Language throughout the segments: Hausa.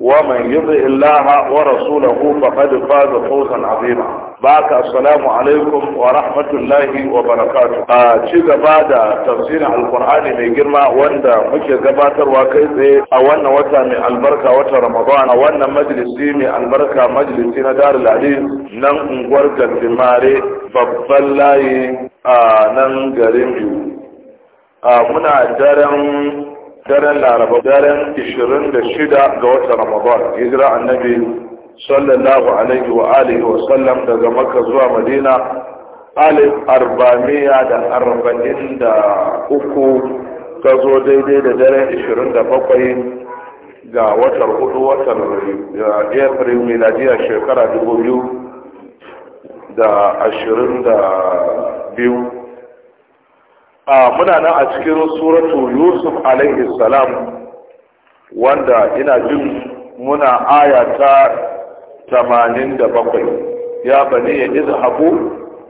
ومن يطع الله ورسوله فقد فاز فوزا عظيما wa السلام wa ورحمة الله وبركاته ci gaba da tafsirin alkur'ani mai girma wanda muke gabatarwa kai tsaye a wannan wata mai albarka wata ramadan a wannan majalisi mai albarka majalisi na darul hadis nan unguwar gandimare babban layi a nan garin biyu muna daren daren laraba daren 26 ga watan ramadan hijira annabi sallallahu alaihi wa alihi wa sallam daga makka zuwa madina alif arba'amiya da arba'in da uku ta zo daidai da daren 27 ga watan hudu watan april miladiya shekara 2022 muna nan a cikin suratu yusuf alaihi salam wanda ina jin muna aya ta 87 ya bani ya izhabu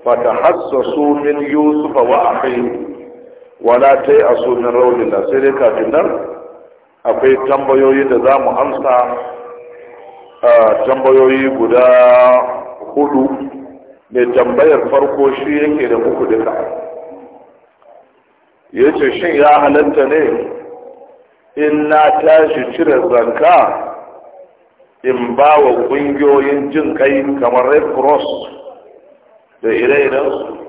fatahassasu min yusuf wa akhihi wala asu min rawlillah sai dai kafin nan akwai tambayoyi da za mu amsa tambayoyi guda hudu mai tambayar farko shi yake da muku duka ya ce shin ya halatta ne in na tashi cire zanka in ba wa ƙungiyoyin jin kai kamar red cross da ire-irensu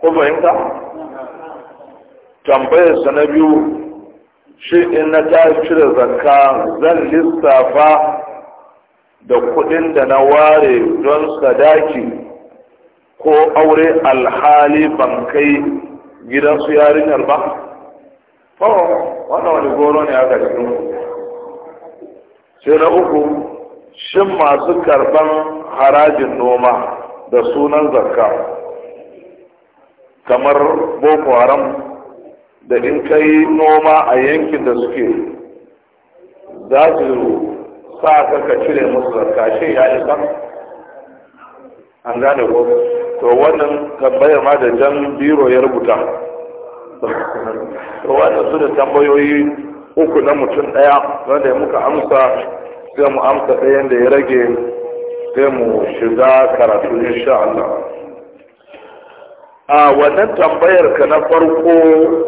ko fahimta tambayarsa na biyu shi in na tashi cire zanka, zan lissafa da kudin da na ware don sadaki ko aure alhali bankai. gidan su yarinyar ba to wannan wani goro ne aka cikin sai na uku shin masu karban harajin noma da sunan zakka kamar boko haram da in kai noma a yankin da suke za su sa ka cire musu zakka shi ya isa an gane gobe to wannan tambayar ma da jan biro ya rubuta to wannan su da tambayoyi uku na mutum ɗaya wanda ya muka amsa sai mu amsa ɗayan da ya rage sai mu shiga karatu insha Allah a wannan tambayar ka na farko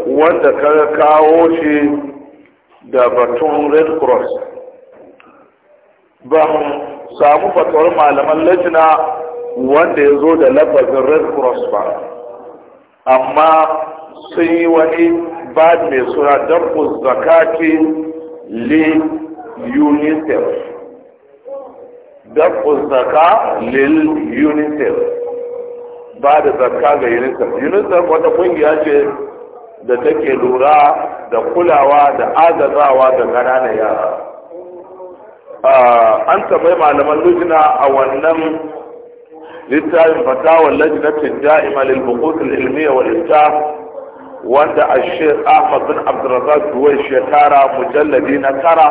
wanda ka kawo shi da batun red cross ba samu fatawar malaman lajina wanda ya zo da lafazin red cross ba amma sun yi wani ba mai suna dabbus zakati li unicef dabbus zaka le unicef ba da zaka ga unicef unicef wata kungiya ce da take lura da kulawa da agazawa da ƙananan yara ah, an taɓa malaman lujina a wannan littafin fatawar lajinatin da'ima lil ilmiya wal wanda a shek ahmad bin abdurrazak duwai shekara mujalladi na tara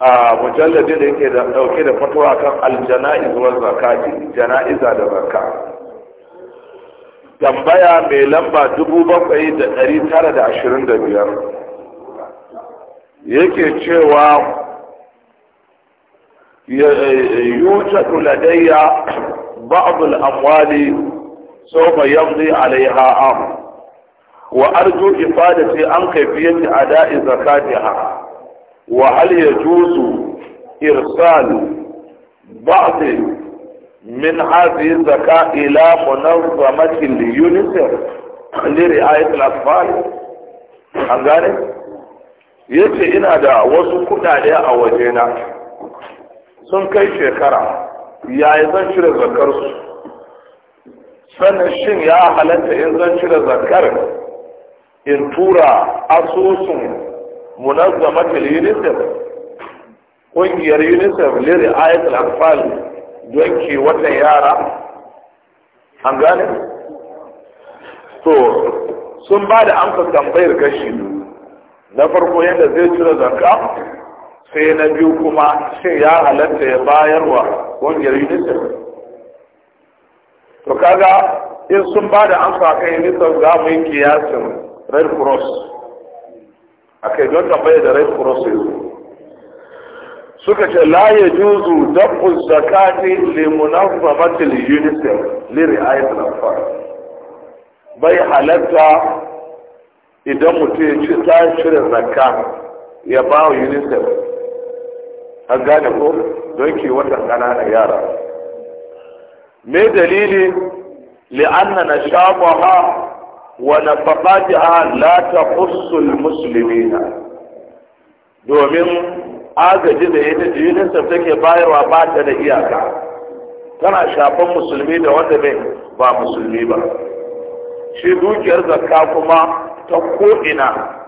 a mujalladi da yake dauke da fatuwa kan aljana'iz wa zakati jana'iza da zakka tambaya mai lamba dubu bakwai da ɗari tara da ashirin da biyar yake cewa eh, yujadu ladayya بعض الأموال سوف يمضي عليها عام وأرجو إفادة عن كيفية أداء زكاتها وهل يجوز إرسال بعض من هذه الزكاة إلى منظمة اليونيسف لرعاية الأطفال an gane ya ce ina da wasu kudade a wajena sun kai shekara yaya zan cire zakar su sannan shin ya halatta in zan cire zakar in tura asusun munazzamatul unicef ƙungiyar unicef liri ayatul anfal don ke watan yara an gane to sun ba da amsa tambayar kashi na farko yadda zai cire zakka sai na biyu kuma shin ya halatta ya bayarwa ƙungiyar unicef to kaga in sun ba da amsa kan unicef za mu yi kiyasin red cross a kai don tambaya da red cross yanzu suka ce la ya juzu dabbun zakati li munazamatil unicef li ri'ayat al-anfal bai halatta idan mutum ya ci ta shirin zakka ya ba wa unicef an gane ko don ke watan ƙananan yara me dalili li'anna na ha wa na faƙatiha la ta musulmi na? domin agaji da ita sa take bayarwa ba ta da iyaka tana shafan musulmi da wanda bai ba musulmi ba shi dukiyar zakka kuma ta ko'ina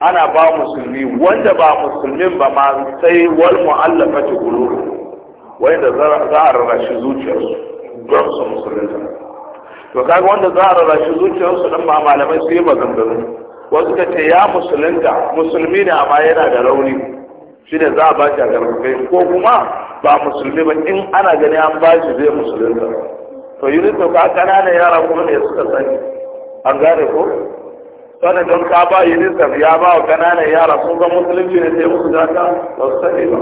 ana ba musulmi wanda ba musulmin ba ma sai wal mu'allafati qulub wanda za a rarrashi zuciyarsu don su musulunta to kaga wanda za a rarrashi zuciyarsu dan ba malamai yi maganganu wasu ka ce ya musulunta musulmi ne amma yana da rauni shi ne za a ba shi a gargagai ko kuma ba musulmi ba in ana gani an ba shi zai musulunta to yi to ka ƙananan yara kuma ne suka sani an gane ko sannan don ka ba unicef ya ba wa kananan yara sun ga musulunci ne sai musu zaka ba su sani ba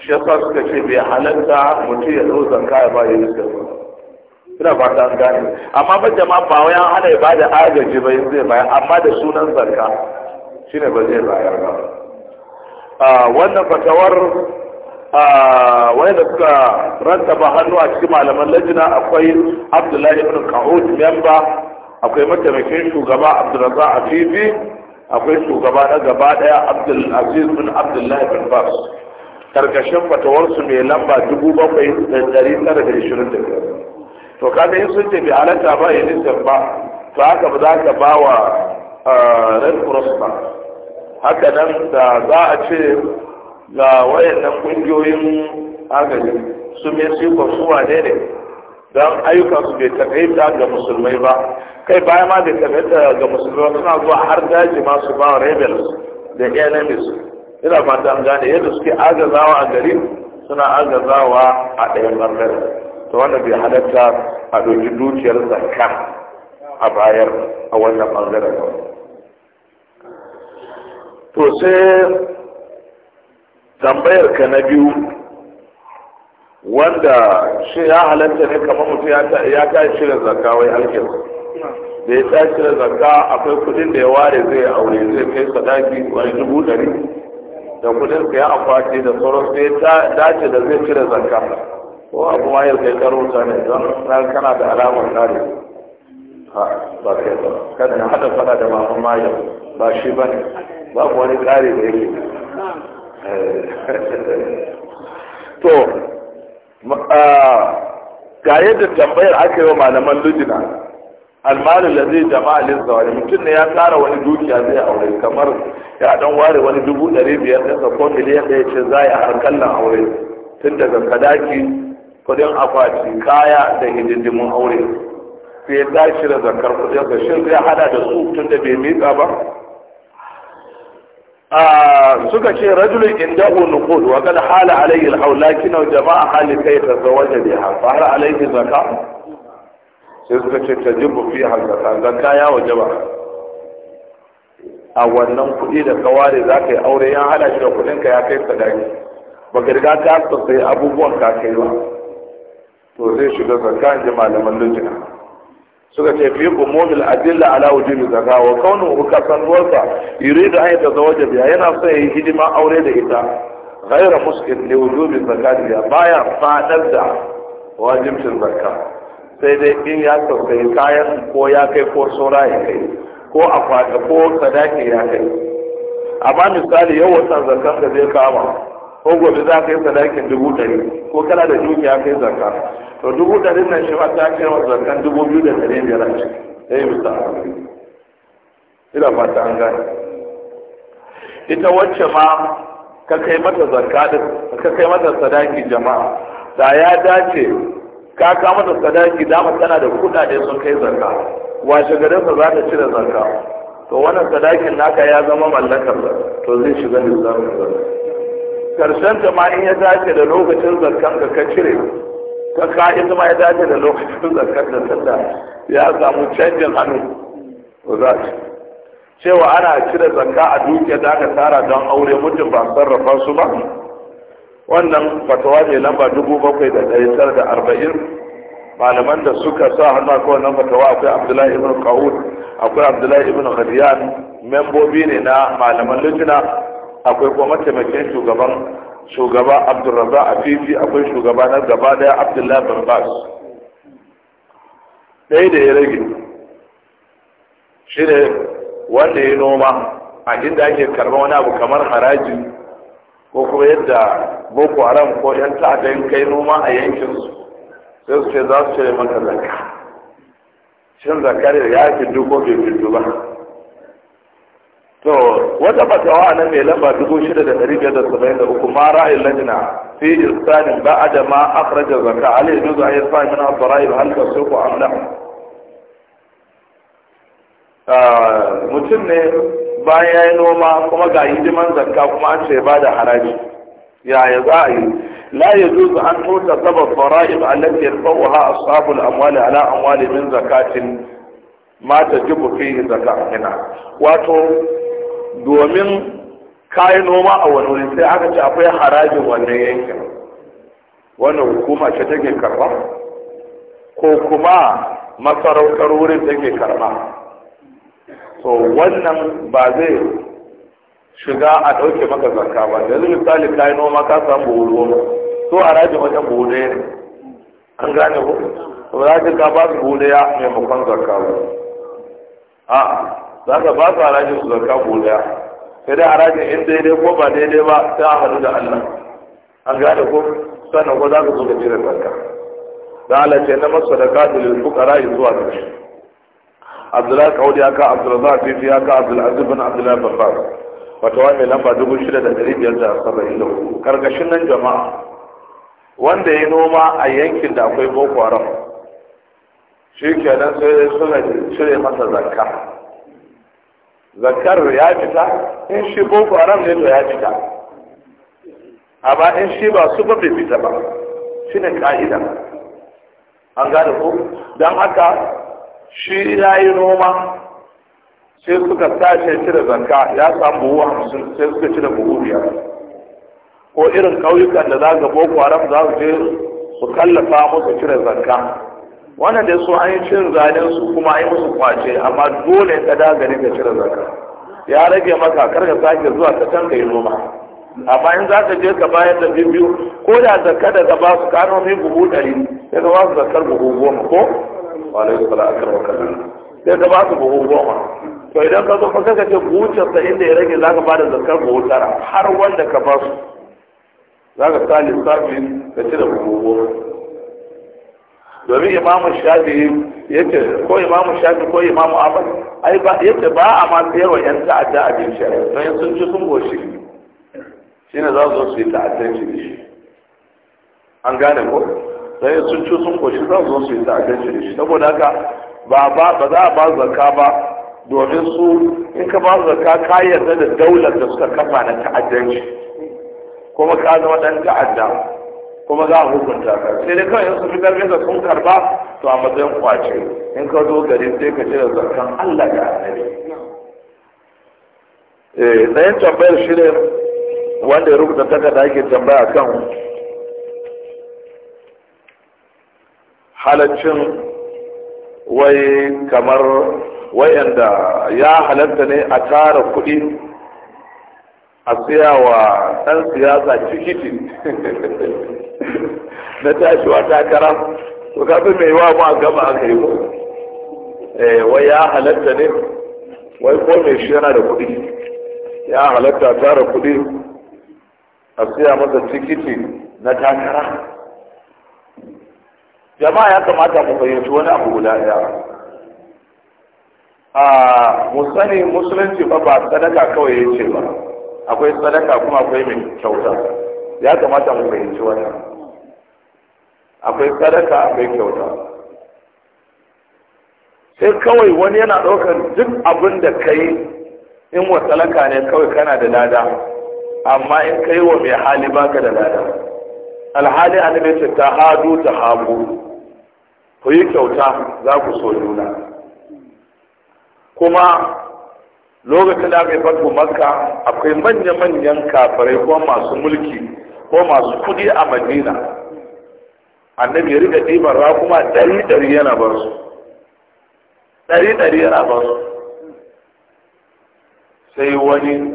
shi ya sa suka ce bai halatta mutum ya zo zanka ya ba unicef ba suna ba ta gane amma ba jama ba wa yan hana ya ba da agaji ba zai bayar amma da sunan zanka shine ba zai bayar ba wannan fatawar wani da suka rantaba hannu a cikin malaman lajina akwai abdullahi ibn kahut memba akwai mataimakin shugaba abdulrazza a fifi akwai shugaba na gaba daya abdulaziz bin abdullahi bin bas karkashin fatawarsu mai lamba dubu bakwai da dari tara da ishirin da biyar to kaga in sun tafi halatta ba ya nisan ba to haka ba za ka ba wa eh, red cross ba haka nan da za a ce ga wayannan ƙungiyoyin agaji su mai sikon suwa ne ne don ayyukan su bai ta ga musulmai ba kai baya ma bai ta ga musulmai suna zuwa har daji masu ba rebels da enemies ina fata an gane yadda suke agazawa a gari suna agazawa a ɗaya ɓangar to wanda bai halatta a ɗauki dukiyar zakka a bayar a wannan ɓangaren to sai tambayar ka na biyu wanda shi ya halatta ne kamar mutum ya ta shirin zakka wai alkin da ya ta shirin zakka akwai kudin da ya ware zai aure zai kai sadaki wani dubu dari da kudin ka ya akwati da sauran sai dace da zai cire zakka ko abu ma yau kai karo ta ne don na kana da alamar kare ha ba kai ba kada na hada fada da mafi ma ba shi ba ne babu wani kare da yake eh. to Ah, ga yadda tambayar aka yi wa malaman lujina almalin da zai jama'a lin zawari mutum ne ya tsara wani dukiya zai aure kamar ya dan ware wani dubu ɗari biyar ɗin ko miliyan ya ce za a harkallan aure tun daga kadaki kudin akwati kaya da hidindimun aure sai ya tashi da zakar kudin sa shi zai hada da su tun da bai miƙa ba suka ce rajulun indahu nuqud wa Kada hala alayhi alhaul lakin jama'a hali kai tazawaja ha fa hala alayhi zakat sai suka ce tajibu fiha zakat zakka ya wajaba a wannan kudi da kaware za ka yi aure ya hada shi da ka ya kai sadaki ba ka riga ta sai abubuwan ka kai ba to zai shiga zakka in ji malaman lujina suka ce fi umumil adilla ala wujubi zakka wa kaunu kasanwarsa yuridu an yatazawaja biha yana so yi hidima aure da ita ghayra muskin li wujubi zakati baya fadar da wajibin zakka sai dai in ya tausayi kayan ko ya kai ko sora ya kai ko a faɗa ko sadaki ya kai amma misali yau watan zakkan da zai kama ko gobe za ka yi sadakin dubu ɗari ko kana da dukiya kai zakka to dubu ɗari nan shi ma ta kai wa zakkan dubu biyu da ɗari biyar a ciki ɗaya eh, bisa ina fata an gane ita wacce ma ka kai mata zakka ka kai mata sadaki jama'a da ya dace ka ka mata sadaki dama tana da kuɗaɗe sun kai zakka washe sa za ta cire zakka to wannan sadakin naka ya zama mallakar to zai shiga nisan zakka karshen ta ma in ya dace da lokacin zarkan ka cire ka ka'i ma ya dace da lokacin zarkan da sallah ya samu canjin hannu ko za ce cewa ana cire zakka a dukiya da aka tara don aure mutum ba sarrafa su ba wannan fatawa ne lamba dubu bakwai da ɗari tara da arba'in malaman da suka sa hannu a kowane fatawa akwai abdullahi ibn kawud akwai abdullahi ibn khadiyan membobi ne na malaman Lijina. akwai kuma mataimakin shugaban shugaba abdulrabba a fifi akwai shugaba na gaba daya abdullahi bin bas ɗaya da ya rage shi ne wanda ya noma a inda ake karɓar wani abu kamar haraji ko kuma yadda boko haram ko yan ta'ada yin kai noma a yankin su sai su ce za su ce maka zakka shin zakka ya fi duk ko bai fi ba to wata fatawa nan mai lamba dubu shida da da da biyar uku, ma ra'ayin lajina fi a da ma akhraja zakka alai juzu a yi min al-dara'ib hal su ku la ah, mutum ne bayan ya yi noma kuma ga hidiman zakka kuma an ce ba da haraji yaya za a yi la ya su an a sabab fara'ib ha a sabon amwali ala amwali min zakatin mata tajibu fi zakka hina wato domin kayi noma a wani wuri sai aka ce akwai harajin wannan yankin wannan hukuma ce take karba ko kuma masarautar wurin take karba so wannan ba zai shiga a ɗauke maka zakka ba yanzu misali kayi noma ka samu buhu goma so harajin wajen buhu ɗaya ne an gane ko ba za ka ba su buhu ɗaya maimakon zarka ba a'a za ka ba su harajin su zarka ko daya sai dai harajin in daidai ko ba daidai ba sai a haɗu da Allah an gane ko sannan ko za ka zo ka jira zarka da Allah ce na masu da su lil fuqara zuwa da shi Abdullahi Kaudi aka Abdulrazak Fifi aka Abdulaziz bin Abdullahi wata wa mai lamba dubu shida da ɗari biyar da saba'in da hudu karkashin nan jama'a wanda ya noma a yankin da akwai boko haram shi kenan sai suna cire masa zakka zakar ya fita in shi boko haram ne to ya fita amma in shi ba su ba bai fita ba shi ne ka'ida an gane ko don haka shi ya yi noma sai suka tashi cire zanka ya samu buhu hamsin sai suka cire buhu biyar ko irin kauyukan da za ga boko haram za su je su kallafa musu cire zanka wannan da su an yi cin zalin su kuma an yi musu kwace amma dole ka dagane ka cire zaka ya rage maka kar ka sake zuwa ka can yi noma amma in za ka je ka bayar da biyu ko da zakka da ka ba su mai buhu ɗari sai ka ba su zakkar buhu goma ko alaihi salatu akbar kallan sai ka ba su buhu goma to idan ka zo ka ka ce buhucin sa inda ya rage za ka ba da zakkar buhu tara har wanda ka ba su za ka sa lissafi ka cire buhu goma domin imamu shafi yace ko imamu shafi ko imamu ahmad ai ba yace ba a ma sayarwa yan ta'adda a bin shari'a sai sun ci sun goshi shine za su su yi ta'addanci da shi an gane ko sai sun ci sun goshi za su su yi ta'addanci da shi saboda haka ba ba ba za a ba zakka ba domin su in ka ba zakka ka yarda da daular da suka kafa na ta'addanci kuma ka zama dan ta'adda kuma za a hukunta ka sai dai kawai su fitar da sun karba to a matsayin kwace in ka zo gari sai ka ce da zarkan Allah da annabi eh yin tambayar shi ne wanda ya rubuta takarda ake tambaya kan halaccin wai kamar wayanda ya halatta ne a tara kuɗi a siya wa ɗan siyasa tikiti na tashiwa takara to kafi mai wa ba a gama aka yi eh, wai ya halatta ne wai ko mai shi yana da kuɗi ya halatta tara kuɗi a siya masa tikiti na takara jama'a ya kamata mu fahimci wani abu guda ɗaya a ah, mu sani musulunci ba ba sadaka kawai ya ce ba akwai sadaka kuma akwai mai kyauta ya kamata mu fahimci wannan akwai sadaka akwai kyauta sai kawai wani yana ɗaukar duk abin da ka yi in wa ne kawai kana da lada amma in ka yi wa mai hali baka da lada alhali annabi ce ta hadu ta habu ku yi kyauta za ku so juna kuma lokacin da aka yi fatu maka akwai manya-manyan kafirai ko masu mulki ko masu kudi a madina annabi ya riga ɗiban kuma ɗari-ɗari yana bar su ɗari-ɗari yana bar su sai wani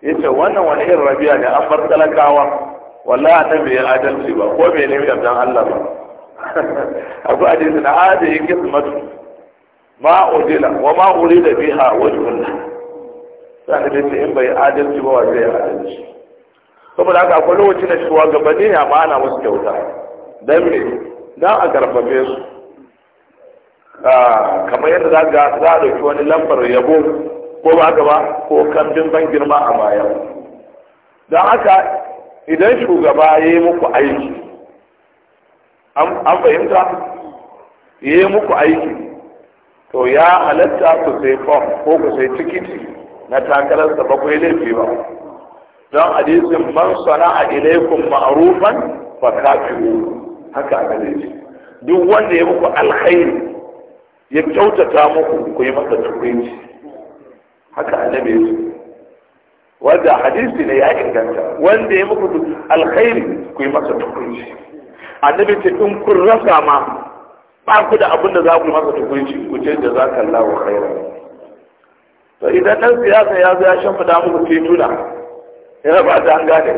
ya ce wannan wani irin rabiya ne an bar talakawa wallahi annabi ya adalci ba ko bai nemi yardan Allah ba abu hadisi na hada yake matu ma udila wa ma urida biha wajhullah sai da in bai adalci ba zai adalci saboda haka akwai lokaci na shugabanni ne amma ana musu kyauta Don me don a karfafe su ah, kamar yadda za ga za a ɗauki wani lambar yabo ko ba gaba ko kambin ban girma a baya don haka idan shugaba ya yi muku aiki an fahimta ya yi muku aiki to ya halatta ku sai fom ko ku sai tikiti na takararsa ba ku yi laifi ba don hadisin man sana'a ilaikum ma'rufan fa kafiru haka aka laifi duk wanda ya muku alkhairi ya kyautata muku ku yi masa tukunci haka annabi ya wanda hadisi ne ya inganta wanda ya muku alkhairi ku yi masa tukunci annabi ce in kun rasa ma ba ku da abin da za ku yi masa tukunci ku ce da za ka lawo khairan to idan ɗan siyasa ya zo ya shimfiɗa muku tituna ya ba ta an gane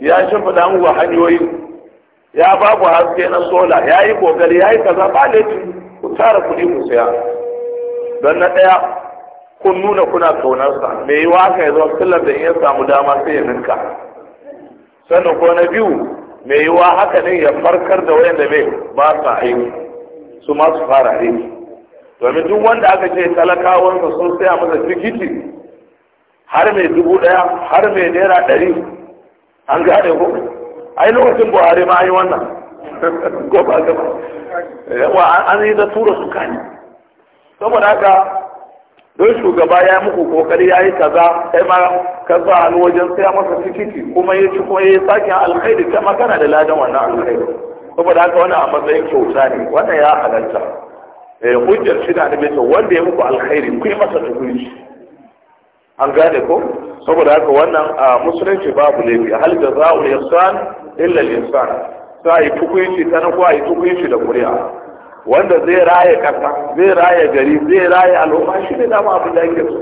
ya shimfiɗa muku hanyoyi ya ba ku haske na sola ya yi ƙoƙari ya yi kaza ba laifi ku tara kuɗi ku siya don na ɗaya kun nuna kuna ƙaunarsa me yi waka ya zama sillar da in ya samu dama sai ya ninka sannan ko na biyu me yi wa haka ne ya farkar da wayanda bai ba sa aiki su ma su fara aiki domin duk wanda aka ce talakawansa sun saya masa tikiti har mai dubu ɗaya har mai naira ɗari an gane ko ai lokacin buhari ma yi wannan ko ba gaba yawa an yi da tura su kani saboda haka don shugaba ya muku kokari ya yi kaza sai ma ka sa hannu wajen saya masa tikiti kuma ya ci kuma ya sakin alkhairi ta magana da ladan wannan alkhairi saboda haka wannan a matsayin kyauta ne wannan ya halarta Eh, hujjar shi da annabi wanda ya muku alkhairi ku yi masa tukunci an gane ko saboda haka wannan a musulunci babu laifi hal da za'ul san illa al-ihsan sai tukunci ta nan ko ai tukunci da ƙuri'a wanda zai raye kasa zai raye gari zai raye al'umma shi ne dama abin da yake so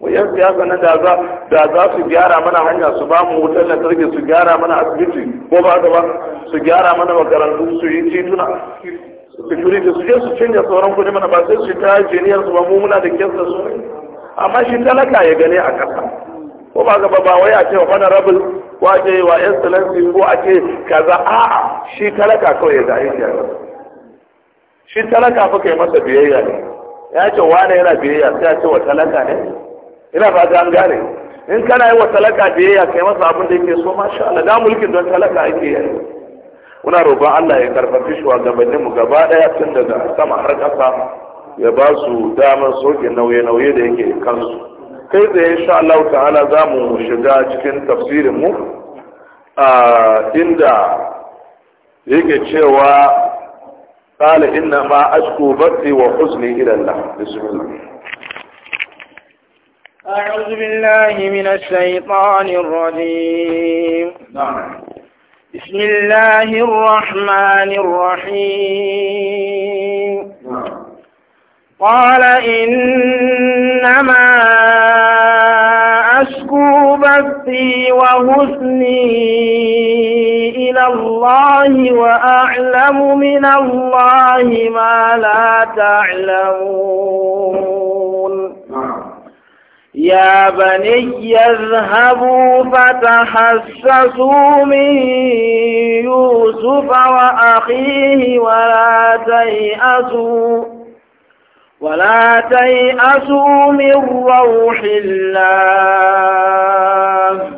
wayan siyasa na da za da za su gyara mana hanya su ba mu wutar lantarki su gyara mana asibiti ko ba su gyara mana makarantu su yi tituna security su je su canja sauran kudi mana ba sai su ta jeniyar su ba mu muna da kyansa su amma shi talaka ya gane a ƙasa ko ba ga ba wai a ce wa rabin ko a ce wa excellency ko a ce kaza a'a shi talaka kawai ya gane shi shi talaka fa kai masa biyayya ne ya ce wane yana biyayya sai a ce wa talaka ne ina ba an gane in kana yi wa talaka biyayya kai masa abin da yake so masha Allah da mulkin don talaka ake yi muna roƙon Allah ya karfafi shugabannin mu gaba daya tun daga sama har ƙasa ya ba su damar soke nauye-nauye da yake kansu kai tsaye insha Allah ta'ala za mu shiga cikin tafsirin mu a inda yake cewa inna ma أشكو بثي wa إلى ila Allah bismillah أعوذ بالله من الشيطان الرجيم بسم الله الرحمن الرحيم قال إنما أشكو بثي وحزني إلى الله وأعلم من الله ما لا تعلمون نعم. يا بني اذهبوا فتحسسوا من يوسف وأخيه ولا تيأسوا ولا تيأسوا من روح الله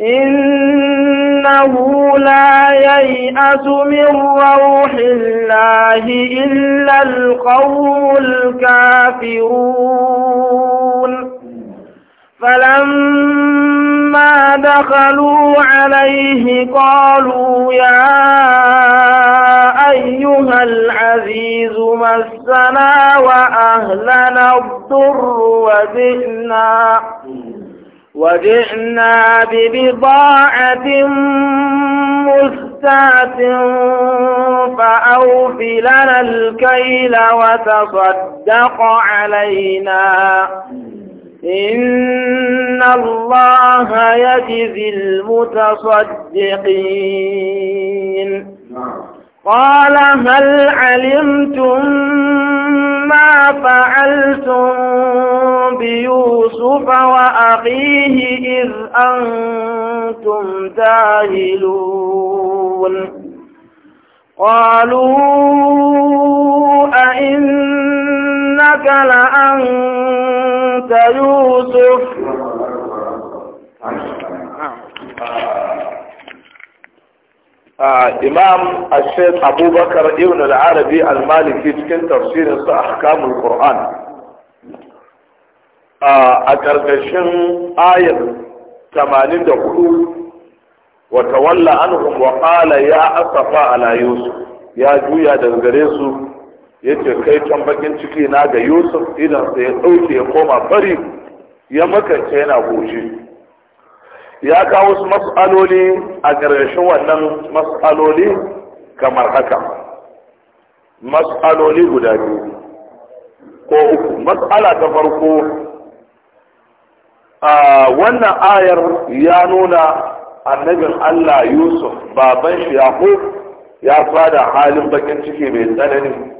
إنه لا ييأس من روح الله إلا القوم الكافرون فلما دخلوا عليه قالوا يا أيها العزيز مسنا وأهلنا الضر وجئنا وجئنا ببضاعة مستاة فأوفي لنا الكيل وتصدق علينا إن الله يجزي المتصدقين قال هل علمتم ما فعلتم بيوسف وأخيه إذ أنتم جاهلون قالوا أئن إنك لأنت يوسف آه، إمام الشيخ أبو بكر ابن العربي المالكي كان تفسير أحكام القرآن آه، أكرقشن آية 84 وتولى عنهم وقال يا أصفى على يوسف يا جويا دنجريسو ya ce kai can bakin ciki na ga yusuf idan sai ya ɗauke ya koma bari ya makance yana goshi ya kawo su mas'aloli a ƙarshen wannan mas'aloli kamar haka mas'aloli guda biyu ko uku mas'ala ta farko a wannan ayar ya nuna annabin Allah Yusuf baban shi ya fada halin bakin ciki mai tsanani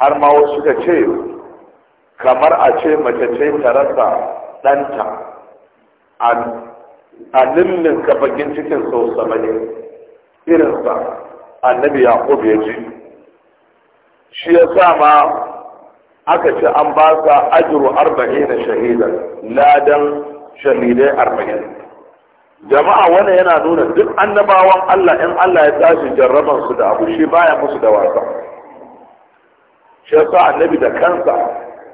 har ma wasu suka ce kamar a ce mace ce ta rasa ɗanta a lullun kafakin cikin sau sama ne irinsa annabi yaƙub ya ji shi ya sa ma aka ce an ba sa ajiru arba'in shahidan ladan shahidai arba'in jama'a wannan yana nuna duk annabawan Allah in Allah ya tashi jarraban da abu shi baya musu da wasa shi annabi da kansa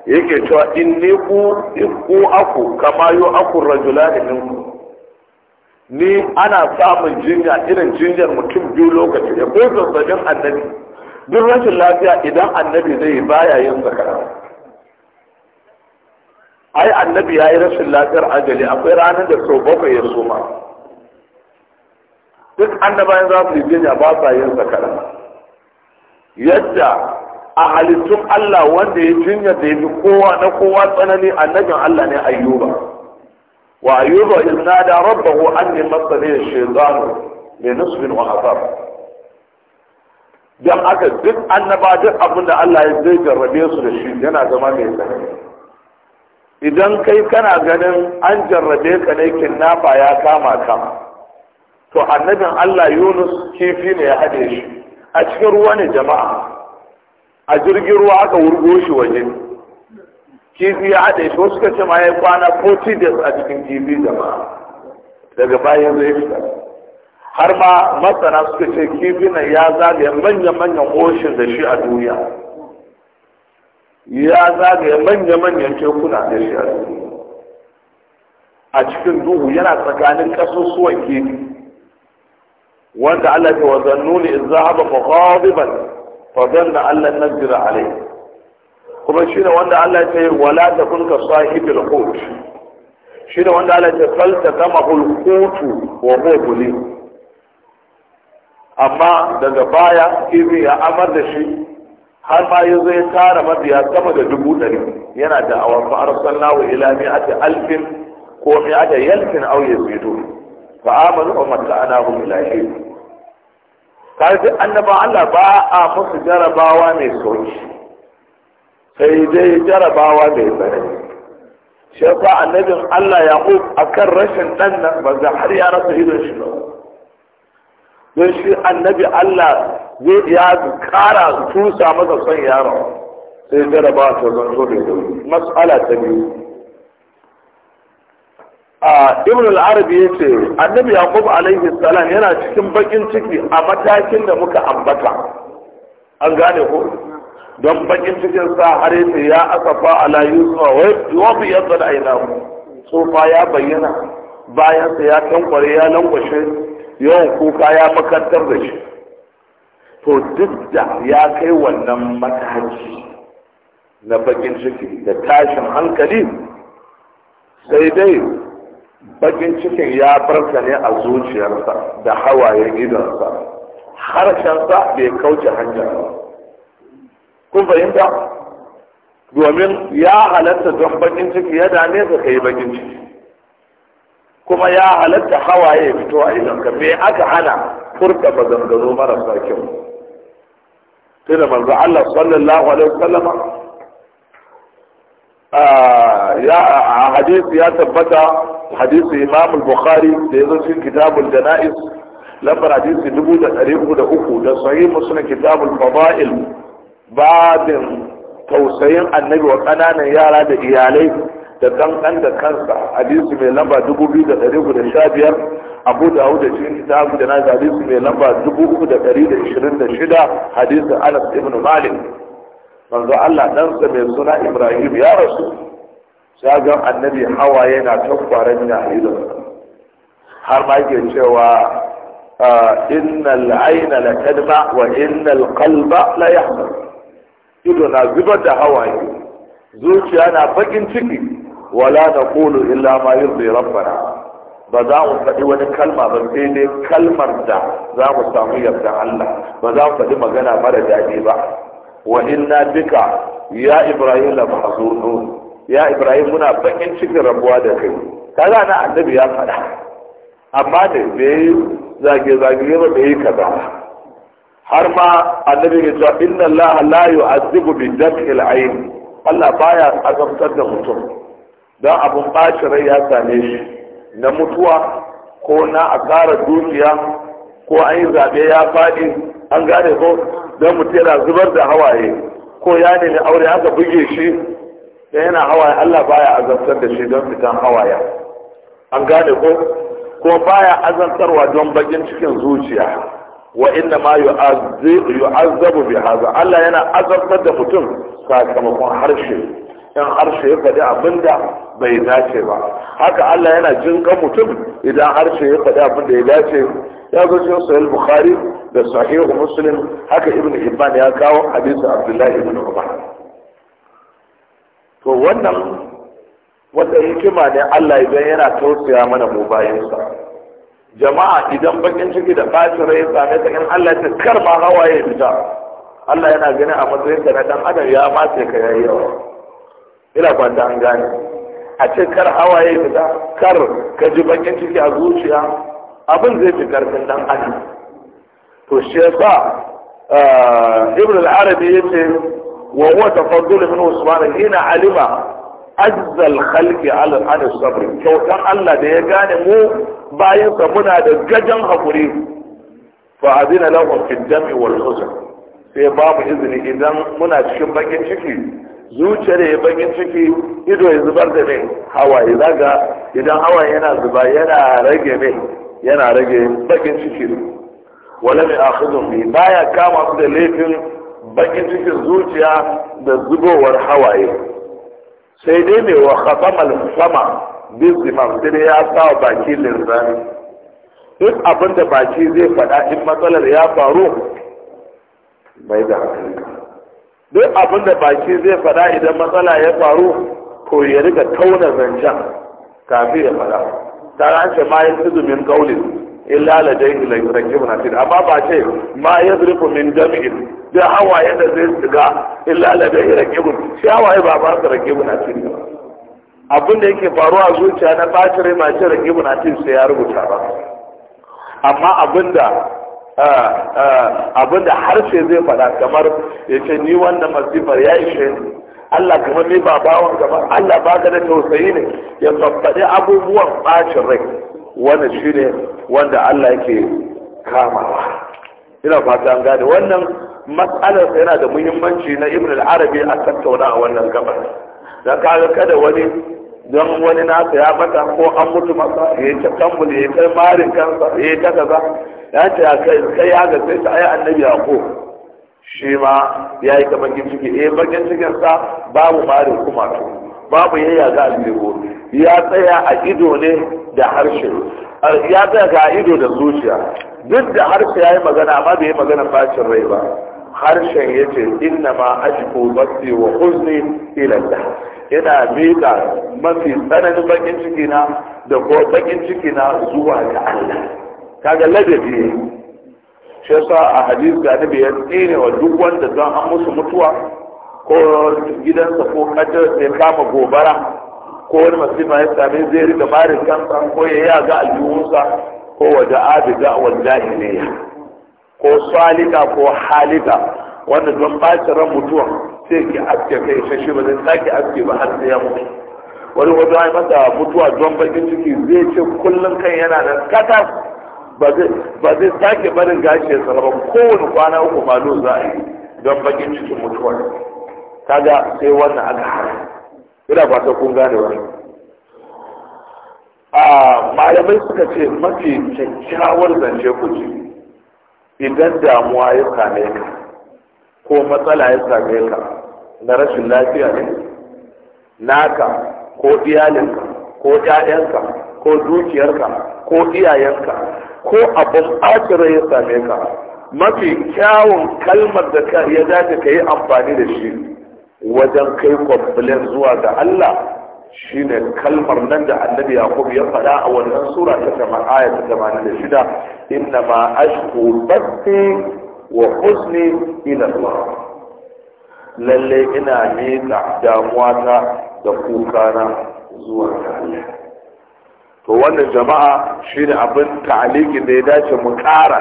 yake cewa in ni ku in ku aku kama yo aku rajulani ku. ni ana samun jinya irin jinyar mutum biyu lokaci ya ko zazzabin annabi duk rashin lafiya idan annabi zai baya yin zakara ai annabi ya yi rashin lafiyar ajali akwai ranar da sau bakwai ya soma duk annabayan za su yi jinya ba sa yin zakara yadda a halittun Allah wanda ya jinya da ya fi kowa na kowa tsanani annabin Allah ne ayyuba wa ayyuba na da ne anni masani shaytanu ne nusbin wa hasab don aka duk annaba duk abin da Allah ya zai jarrabe su da shi yana zama mai tsanani idan kai kana ganin an jarrabe ka ne kinnafa ya kama ka to annabin Allah Yunus kifi ne ya haɗe shi a cikin ruwa ne jama'a a jirgin ruwa aka wurgo shi waje kifi ya haɗe shi wasu kace ma ya kwana 40 days a cikin kifi jama'a daga bayan zai fita har ma masana suka ce kifi na ya zagaya manya-manyan oshin da shi a duniya ya zagaya manya-manyan tekuna da shi a duniya a cikin duhu yana tsakanin kasusuwan kifi wanda Allah ya wazannu ne in zahaba mughadiban fa dhanna allan najra alayhi kuma shine wanda Allah ya ce wala takun ka sahibil hut shine wanda Allah ya ce ta kama hulqutu wa hubuli amma daga baya kimi ya amar da shi har ma yanzu ya tara mabiya sama da dubu ɗari yana da awar fa'ar sallahu ila mi'ati alfin ko mi'ata yalfin au yazidu fa amanu wa mata'anahum ila shay'in kaji annaba Allah ba a musu jarabawa mai soki sai dai jarabawa mai bari. shi yasa annabin Allah Yaqub akan rashin ɗan nan banza har ya rasa idon shi ba don shi annabi Allah zai ya kara tusa masa son yaron sai jarabawa ta zanzo da mas'ala ta biyu ibn al-arabi yace annabi yaqub alaihi salam yana cikin bakin ciki a matakin da muka ambata an gane ko don bakin cikin sa har yace ya asafa ala yusuf wa wa bi yadda aynahu tsofa ya bayyana bayan sa ya tankware ya lankwashe yawan kuka ya makantar da shi to duk da ya kai wannan mataki na bakin ciki da tashin hankali sai dai bakin cikin ya barka ne a zuciyarsa da hawaye gidansa harshensa bai kauce hanyar ba kun fahimta domin ya halatta don bakin ciki ya dame ka kai bakin ciki kuma ya halatta hawaye fito a idonka me aka hana furta maganganu marasa kyau sai da manzo Allah sallallahu alaihi wasallama ya a hadisi ya tabbata hadisi imam al-bukhari da yazo cikin kitabul janaiz lambar hadisi dubu da ɗari uku da uku da sahih muslim kitabul fadail babin tausayin annabi wa ƙananan yara da iyalai da kankan da kansa hadisi mai lamba dubu biyu da ɗari uku da sha biyar abu da hau da cikin kitabu da hadisi mai lamba dubu uku da ɗari da ishirin da shida hadisi anas ibn allah mai suna ibrahim ya rasu shagan annabi hawa yana ta kwaran ya har ma yake cewa innal aina la kadba wa innal qalba la yahmar ido na zubar da hawaye zuciya na bakin ciki wala naqulu illa ma yurdi rabbana ba za mu faɗi wani kalma ba sai dai kalmar da za mu samu yarda Allah ba za mu faɗi magana mara daɗi ba wa inna bika ya ibrahim la mahzunun ya ibrahim muna bakin cikin rabuwa da kai kaga na annabi ya faɗa amma da bai zage zage ba bai kaza har ma annabi ya ce inna allaha la yu'azzibu bi dakhil ayn Allah baya azabtar da mutum dan abun bashi rai ya same shi na mutuwa ko na akara dukiya ko an yi zaɓe ya faɗi an gane ko don mutum yana zubar da hawaye ko ya nemi aure aka buge shi sai yana hawaye Allah baya azabtar da shi don fitan hawaye an gane ko ko baya azabtarwa don bakin cikin zuciya wa inna ma yu'azzabu bi hadha Allah yana azabtar da mutum sakamakon harshe in harshe ya faɗi abinda bai dace ba haka Allah yana kan mutum idan harshe ya faɗi abinda ya dace ya zo cikin sahih bukhari da sahih muslim haka ibnu hibban ya kawo hadisi abdullahi ibn umar to wannan wata hikima ne Allah idan yana tausaya mana mu bayansa jama'a idan bakin ciki da bacin rai same ta in Allah ta karba hawaye fita Allah yana gani a matsayin ka na dan adam ya mace ka yayi yawa ina kwanta an gane a ce kar hawaye fita kar ka ji bakin ciki a zuciya abin zai fi karfin dan adam to shi yasa eh, ibn al-arabi yace wa huwa tafaddul minhu subhanahu hina alima azzal khalqi ala al sabr kyautan Allah da ya gane mu bayan sa muna da gajan hakuri fa azina lahum fi dami wal huzn sai babu izini idan muna cikin bakin ciki zuciyar ya bakin ciki ido ya zubar da mai hawaye zaga idan hawaye yana zuba yana rage mai yana rage bakin ciki wala mai akhidun bi baya kama su da laifin bakin cikin zuciya da zubowar hawaye sai dai mai wa khatamal sama bin zimam sai ya sa baki lirzan duk abin da baki zai faɗa in matsalar ya faru mai da hankali duk abin da baki zai faɗa idan matsala ya faru ko ya riga tauna zancen kafin ya faɗa ta ce ma yin izumin kaulin illa la dai la yurakibu na tin amma ba ce ma yadrifu min dam'in da hawaye da zai shiga illa la dai yurakibu shi hawaye ba ba su rakibu na tin abin da yake faruwa zuciya na bacire ma ce rakibu na tin sai ya rubuta ba amma abinda abinda harshe zai faɗa kamar ya ce ni wannan masifar ya ishe Allah kamar ni ba bawan kamar Allah ba ka da tausayi ne ya faɗi abubuwan bacin rai wannan ne wanda Allah yake kamawa ina fata an gane wannan matsalar yana da muhimmanci na Ibn al-Arabi a tattauna a wannan gabar Dan kaga kada wani don wani nasa ya bata ko an mutu masa ya ta kambul ya kai marin kansa ya ta kaza ya ce kai ya ga sai ta ayi annabi ko. shi ma ya yi ta bakin eh bakin cikin sa babu marin kuma to babu yayya ga abigo ya tsaya a ido ne da harshe ya tsaya ga ido da zuciya duk da harshe ya yi magana amma bai yi magana bacin rai ba harshen ya ce inna ma ajiko basi wa huzni ilalla yana miƙa mafi tsananin bakin ciki na da ko bakin ciki na zuwa ga Allah kaga ladabi shi yasa a hadisi ga nabi ya tsine wa duk wanda zan an musu mutuwa ko gidansa ko kadarsa ya kama gobara ko wani masifa ya same zai riga marin kansa ko ya yi ga aljihunsa ko waje abiga wanda ya ko salika ko halika wanda don ɓaci ran mutuwa sai ki aske kai shashi ba zai sake aske ba har sai ya mutu wani wajen ai masa mutuwa don bakin ciki zai ce kullum kan yana da kata ba zai sake barin gashi ya sarrafa kowane kwana uku ma za a yi don bakin cikin mutuwa kaga sai wannan aka hana ina ba ta kun gane wani a malamai suka ce mafi kyakkyawar zance kuce idan damuwa ya same ka ko matsala ya same ka na rashin lafiya ne naka ko iyalinka ko ƴaƴanka ko dukiyarka ko iyayenka ko abin ɓacirai ya same ka mafi kyawun kalmar da ya dace ka yi amfani da shi wajen kai kwamfilin zuwa ga Allah ne kalmar nan da annabi yaqub ya faɗa a wannan sura ta kama aya ta 86 inna ma ashku basti wa husni ila Allah lalle ina damuwa damuwata da kukana zuwa ga to wannan jama'a shine abin ta'aliki da ya dace mu ƙara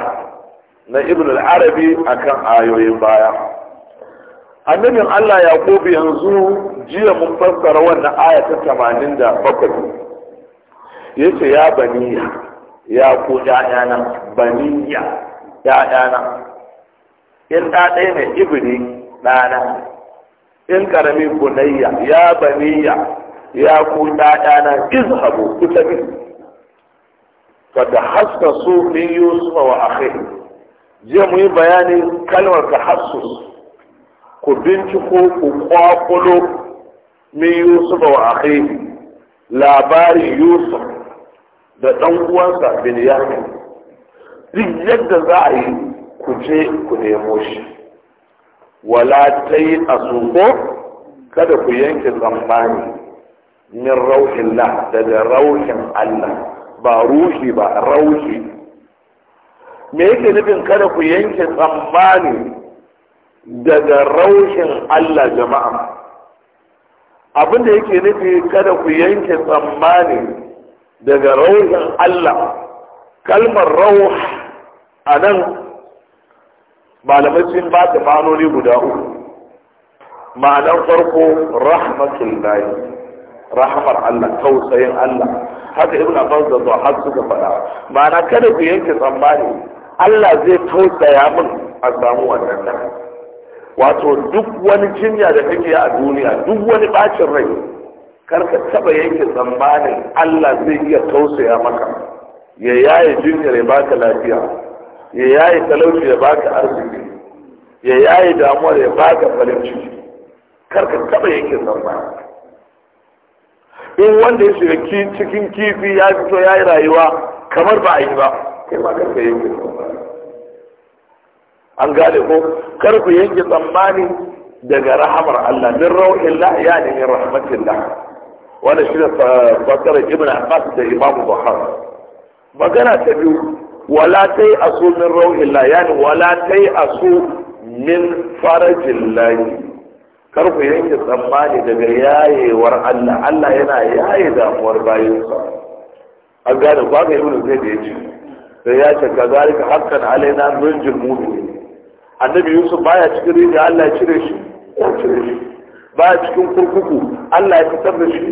na ibn al-arabi akan ayoyin baya annabin Allah ya Yaqubu yanzu jiya mun fassara wannan aya ta 87 yace ya baniya ya ko ƴaƴana baniya ƴaƴana in ɗa ne ibri ɗana in ƙaramin bunayya ya baniya ya ku ƴaƴana izhabu ku tafi kada haska su min yusufa wa akhihi jiya mu yi bayanin kalmar tahassus ku binciko ku kwakulo min yusuf wa akhihi labarin yusuf da dan uwansa bin yamin duk yadda za a yi ku je ku nemo shi wala ta yi a kada ku yanke tsammani min rauhin la daga rauhin allah ba ruhi ba rauhi me yake nufin kada ku yanke tsammani daga raushin Allah jama'a abin da yake nufi kada ku yanke tsammani daga rauhin Allah kalmar rauh a nan malamai sun ba ta fanoni guda uku ma'anar farko rahmatul lahi rahmar Allah tausayin Allah haka ibn Abbas da har suka faɗa ma'ana kada ku yanke tsammani Allah zai tausaya min a samu wannan wato duk wani jinya da kake a duniya duk wani bacin rai karka taba yanke tsammanin Allah zai iya tausaya maka ya yaye jinyar ya baka lafiya ya yaye talauci ya baka arziki ya yaye damuwa ya baka farin ciki karka taba yanke tsammanin in wanda ya shiga cikin kifi ya fito ya yi rayuwa kamar ba a yi ba kai ma karka yanke tsammanin an gane ko kar ku yanke tsammani daga rahamar Allah min rauhillah ya ne min rahmatin da. wanda shi da uh, fasara ibn Abbas da Imam Bukhari magana ta biyu wala tai asu min rauhillah ya ne wala tai asu min farajillah kar ku yanke tsammani daga yayewar Allah Allah yana yaye damuwar bayinsa an gane ko ga ibn da ya ce sai ya ce kazalika hakkan alaina nunjil mu'minin annabi yusuf baya cikin rijiya Allah ya cire shi ya cire shi baya cikin kurkuku Allah ya fitar da shi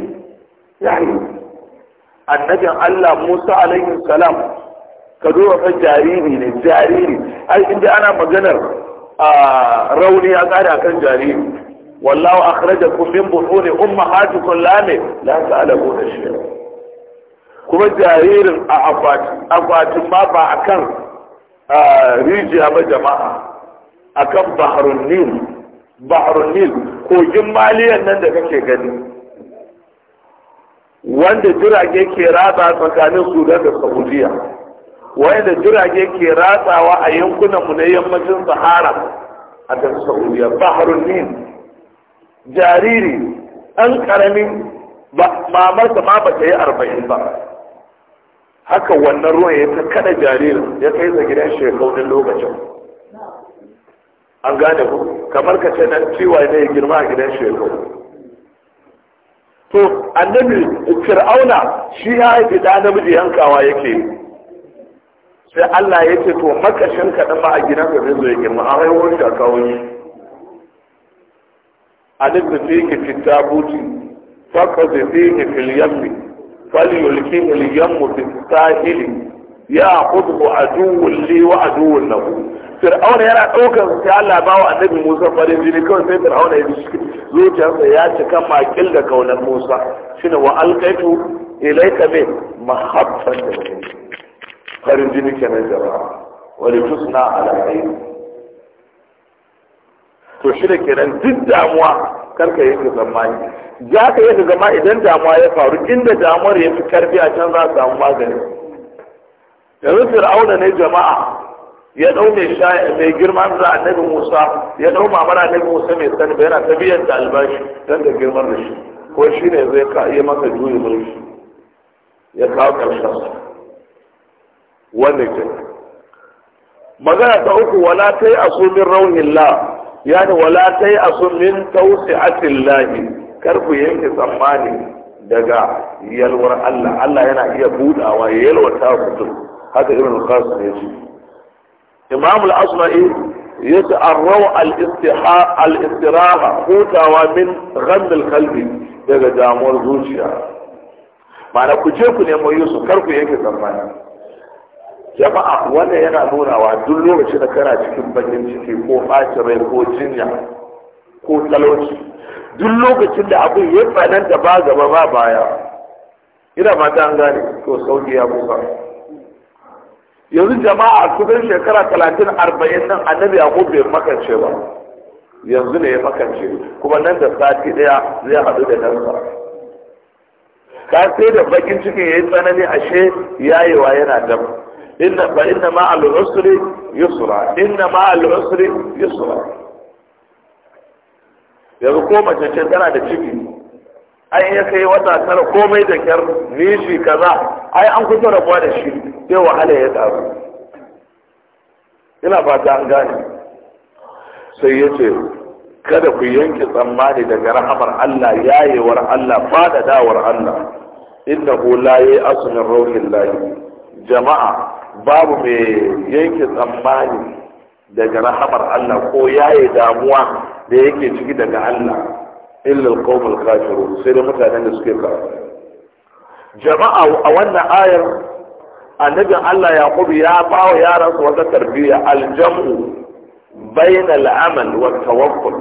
ya yi annabin Allah Musa alaihi salam ka duba fa jariri ne jariri ai inda ana maganar rauni ya kare akan jariri wallahu akhraja akhrajakum min buhuni ummahatikum la la ta'lamuna shay'a kuma jaririn a akwatin ma ba akan rijiya ba jama'a akan baharun nil baharun nil kogin maliyan nan da kake gani wanda jirage ke ratsa tsakanin sudan da saudiya wanda jirage ke ratsawa a yankunan mu na yammacin sahara a da saudiya baharun nil jariri ɗan ƙaramin mamarsa ma ba ta yi arba'in ba haka wannan ruwan ya ta kada jaririn ya kai sa gidan shekau lokacin an gane ku kamar ka ce nan ciwa ne ya girma a gidan shekaru to annabi fir'auna shi ya haifi da namiji yankawa yake sai Allah ya ce to makashin ka dafa a gidan ka zai zo ya girma a haihuwar shi a kawo shi da sai ke fita buti faka da sai ke fil yammi fali yulki il yammu fi sahili ya khudhu aduwwun li wa aduwwun lahu fir'auna yana ɗaukar sai Allah ba wa annabi Musa farin jini kawai sai fir'auna ya shi zuciyarsa ya cika makil da kaunar Musa shine wa alqaitu ilayka min mahabbatan da farin jini kenan jama'a wa tusna ala ayn to shi da kenan duk damuwa karka yanke zamani za ka yanke zama idan damuwa ya faru inda damuwar ya fi karfi a can za a samu magani yanzu fir'auna ne jama'a ya dau mai girman da annabi Musa ya dau mamar annabi Musa mai sani ba yana tabiyar da albashi dan da girman da shi ko shi ne zai ka iya masa juyi mulki ya kawo karshen sa wanda ke magana ta uku wala tai la, ya yani wala tai asumin tawsi'atillahi kar ku yanke tsammani daga yalwar Allah Allah yana iya budawa ya yalwata mutum haka irin kasu ne shi imam al-asma'i yace arraw al-istiraha hutawa min ghamm al daga damuwar zuciya mana ku je ku nemo yusuf kar ku yake tsammani jama'a wannan yana nunawa duk lokacin da kana cikin bakin ciki ko bacin rai ko jinya ko talauci duk lokacin da abin ya tsananta ba gaba ba baya ina mata an gane ko sauki ya kusa yanzu jama'a kusan shekara talatin arba'in nan annabi yaqub bai makance ba yanzu ne ya makance kuma nan da sati daya zai haɗu da nan ka sai da bakin cikin yi tsanani ashe yayewa yana dam. inna ba inna ma al usri yusra inna ma al usri yusra yanzu ko mace ce tana da ciki an ya kai wata tara komai da kyar nishi kaza ai an kusa rabuwa da shi sai wahala ya taru ina fata an gane sai ya ce kada ku yanke tsammani daga rahamar Allah yayewar Allah fadadawar Allah inda ku laye asumin rauhin layi jama'a babu mai yanke tsammani daga rahamar Allah ko yaye damuwa da yake ciki daga Allah illal alqawm kafirun sai da mutanen da suke kafirai jama'a a wannan ayar annabi Allah Yaqub ya bawa su wata tarbiyya aljam'u bainal amal wa tawakkul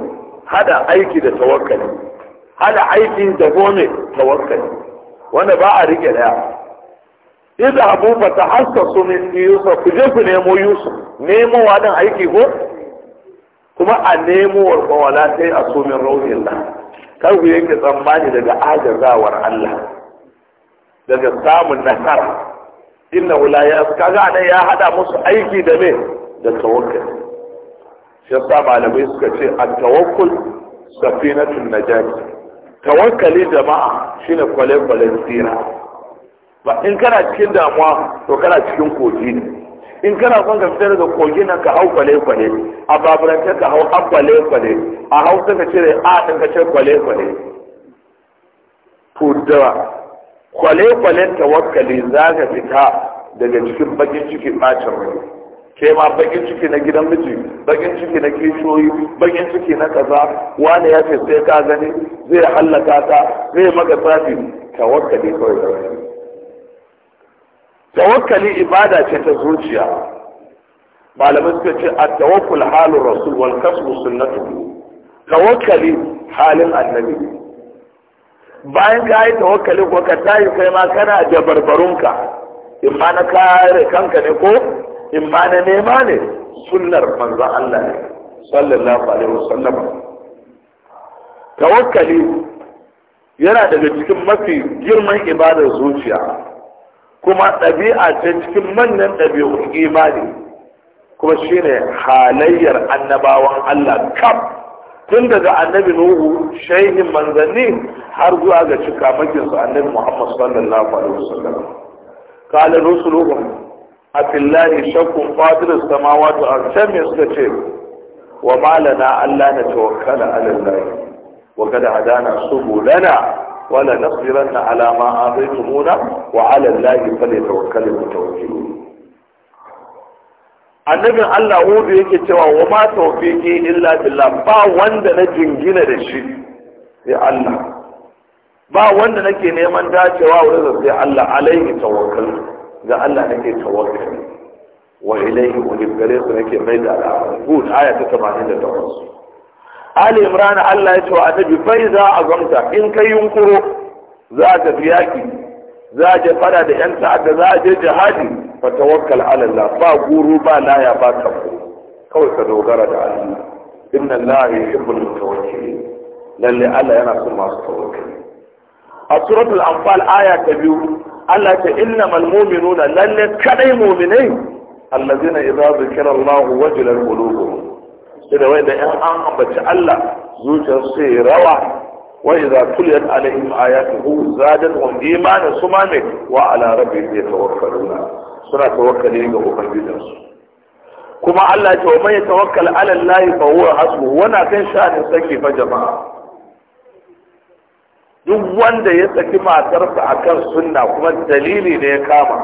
hada aiki da tawakkali hada aiki da gome tawakkali wanda ba a rike daya idhabu fatahassasu min yusuf ku je ku nemo yusuf nemo wadan aiki ko kuma a nemo wa wala sai a sumin rauhin Allah kar ku yanke tsammani daga ajarawar Allah daga samun nasara inna la ya kaga anan ya hada musu aiki da me da tawakkul shi yasa malamai suka ce at-tawakkul Safinatun najat tawakkali jama'a shine kwale-kwalen tsira ba in kana cikin damuwa to kana cikin kogi ne in kana son ka fitar da kogi nan ka hau kwale kwale a baburance ka hau an kwale kwale a hausa ka cire a ɗin ka cire kwale kwale kudura kwale kwale tawakkali za ka fita daga cikin bakin ciki bacin rai ke ma bakin ciki na gidan miji bakin ciki na kishiyoyi bakin ciki na kaza wani ya fi sai ka gani zai hallaka ka zai maka tsafi tawakkali kawai tawakkali ibada ce ta zuciya malamai suka ce a tawakkul halin rasul wal kasbu sunnatu tawakkali halin annabi bayan ka yi tawakkali ko ka tayi kai ma kana da barbarunka in ma na kare kanka ne ko in ma na nema ne sunnar manzo Allah ne sallallahu alaihi wasallam tawakkali yana daga cikin mafi girman ibadar zuciya kuma ɗabi'a ta cikin manyan ɗabi'un imani kuma shine halayyar annabawan Allah kaf tun daga annabi Nuhu shehin manzanni har zuwa ga cika makinsu annabi Muhammad sallallahu alaihi wasallam qala rusuluhum afillahi shakkun fatirus samawati wal ardi suka ce wa malana Allah na tawakkala ala Allah wa kada hadana subulana wala nasbiranna ala ma azaytumuna wa ala allahi falyatawakkalul mutawakkilun annabin Allah hudu yake cewa wa ma tawfiqi illa billah ba wanda na jingina da shi sai Allah ba wanda nake neman dacewa wurin sai Allah alaihi tawakkal ga Allah nake tawakkal wa ilaihi unib gare su nake mai da al'amari hud aya ta 88 Ali Imran Allah ya ce wa annabi bai za a zamta, in kai yunkuro za a tafi yaki za a je fada da yan ta'adda za a je jihadi fa tawakkal ala Allah ba guru ba laya ba kanku kawai ka dogara da Allah inna Allah yuhibbul mutawakkilin lalle Allah yana son masu tawakkali a suratul anfal aya ta biyu Allah ta innamal mu'minuna lalle kadai mu'minai allazina idza zikra Allah wajilat qulubuhum da wanda in an ambaci Allah zuciyar sai rawa wa idza tuliyat alaihim ayatuhu zadat wa imana suma ne wa ala rabbihim yatawakkaluna suna tawakkali ga su. kuma Allah ya ce wa man yatawakkal ala Allah fa huwa hasbuhu wana kan sha'anin saki fa jama'a duk wanda ya saki matarsa akan sunna kuma dalili ne ya kama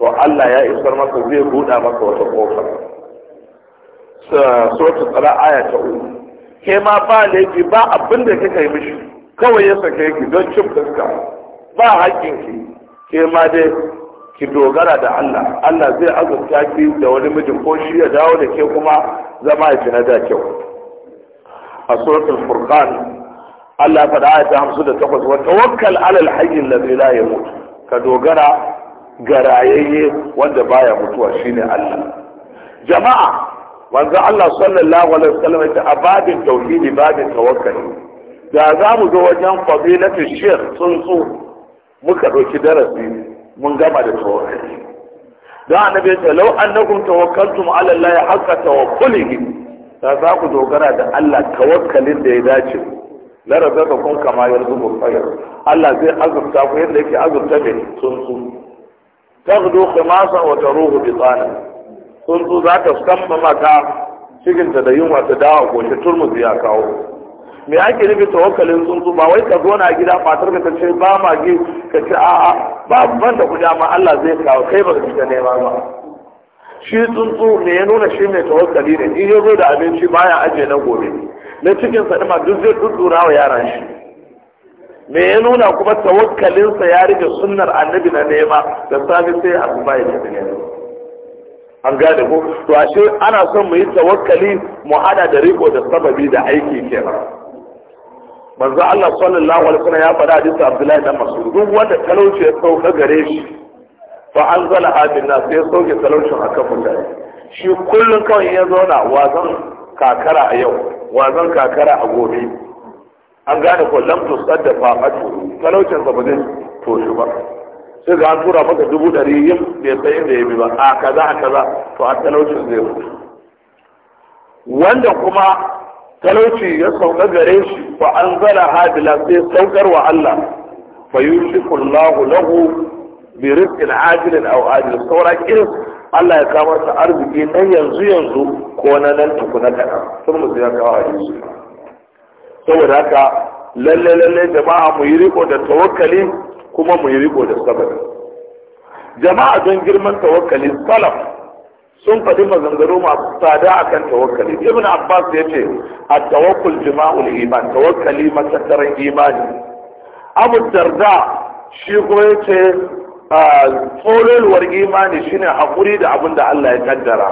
to Allah ya isar masa zai buɗa masa wata kofa sautin tsara aya ta uku ke ma ba laifi ba abinda da kika yi mishi kawai ya sake ki don cin fuska ba haƙƙin ki ke ma dai ki dogara da Allah Allah zai azurta ki da wani mijin ko shi ya dawo da ke kuma zama ya da kyau a sautin furkan Allah faɗa aya ta hamsin da takwas wata wakkal alal hayyin zai laye mutu ka dogara ga rayayye wanda baya mutuwa shine Allah jama'a manzo Allah sallallahu alaihi wasallam ya a babin tauhidi babin tawakkali da za mu zo wajen fadilatu shekh tsuntsu muka ɗauki darasi mun gama da tawakkali da annabi ya ce law annakum tawakkaltum ala allahi haqqa tawakkulihi da za ku dogara da Allah tawakkalin da ya dace la razaka kun kama yarzuqu fayr Allah zai azurta ku yadda yake azurta ne mai tsuntsu taghdu khimasan wa taruhu bitana tsuntsu za ta samma maka cikinta da yunwa ta dawa goshi turmus ya kawo me ake nufi tawakkalin tsuntsu ba wai ka zo a gida matar ka ce ba ma gi ka ce a'a ba ban da kuɗi amma Allah zai kawo kai ba ka fita nema ba shi tsuntsu me ya nuna shi mai tawakkali ne in ya zo da abinci baya aje na gobe na cikin sa duk zai dudura wa yaran shi me ya nuna kuma tawakkalinsa ya rike sunnar annabi na nema da safe sai a ya tafi ne? an gane ko to ashe ana son mu yi tawakkali mu hada da riko da sababi da aiki kenan manzo Allah sallallahu alaihi wasallam ya faɗa hadisi Abdullahi dan Mas'ud duk wanda talauci ya sauka gare shi fa anzala hadin nas sai sauke talaucin akan mutane shi kullun kawai ya zauna wazan kakara a yau wazan kakara a gobe an gane ko lam tusaddafa fa talaucin sa ba zai to shi ba sai ga an tura maka dubu ɗari yin bai sai inda ya bi ba a kaza a kaza to a talaucin zai mutu wanda kuma talauci ya sauka gare shi fa an zala hadila sai saukar wa Allah fa yushiku Allahu lahu bi rizqin ajilin aw ajil saura kiris Allah ya kamar ta arziki nan yanzu yanzu ko na nan na kana sun mu ya kawo hadisi saboda haka lalle lalle jama'a mu yi riko da tawakkali kuma mu yi riko da sabari jama'a don girman tawakkali salaf sun faɗi maganganu masu tsada akan tawakkali ibn abbas ya ce a tawakkul jima'ul iman tawakkali matattaran imani abu darda shi kuma ya ce tsorowar imani shine haƙuri da abin da allah ya kaddara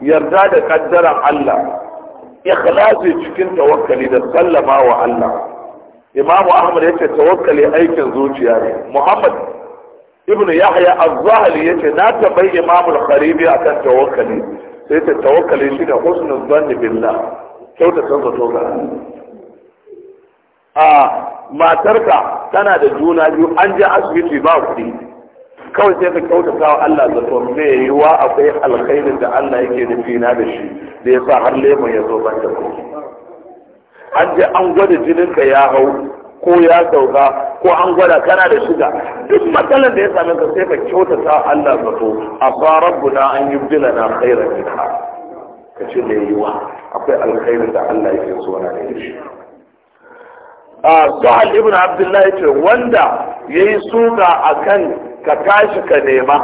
yarda da kaddaran allah ikhlasi cikin tawakkali da sallama wa allah imamu ahmad yace tawakkali aikin zuciya ne muhammad ibnu yahya az-zahli yace na tambayi imamu al-kharibi akan tawakkali sai ta tawakkali shi da husnul zanni billah kyautata zato ga a matarka tana da juna biyu an je asibiti ba kuɗi kawai sai ka kyautata wa Allah zato mai yiwa akwai alkhairin da Allah yake nufi na da shi da yasa har lemon ya zo ban da ku an je an gwada jininka ya hau ko ya sauka ko an gwada kana da shiga duk matsalar da ya same ka sai ka kyautata Allah zato a fara na an yi bila na khairar minha ka ce mai yiwa akwai alkhairin da Allah yake so na da shi Sa'ad ibn Abdullahi ce wanda ya yi suka a kan ka tashi ka nema,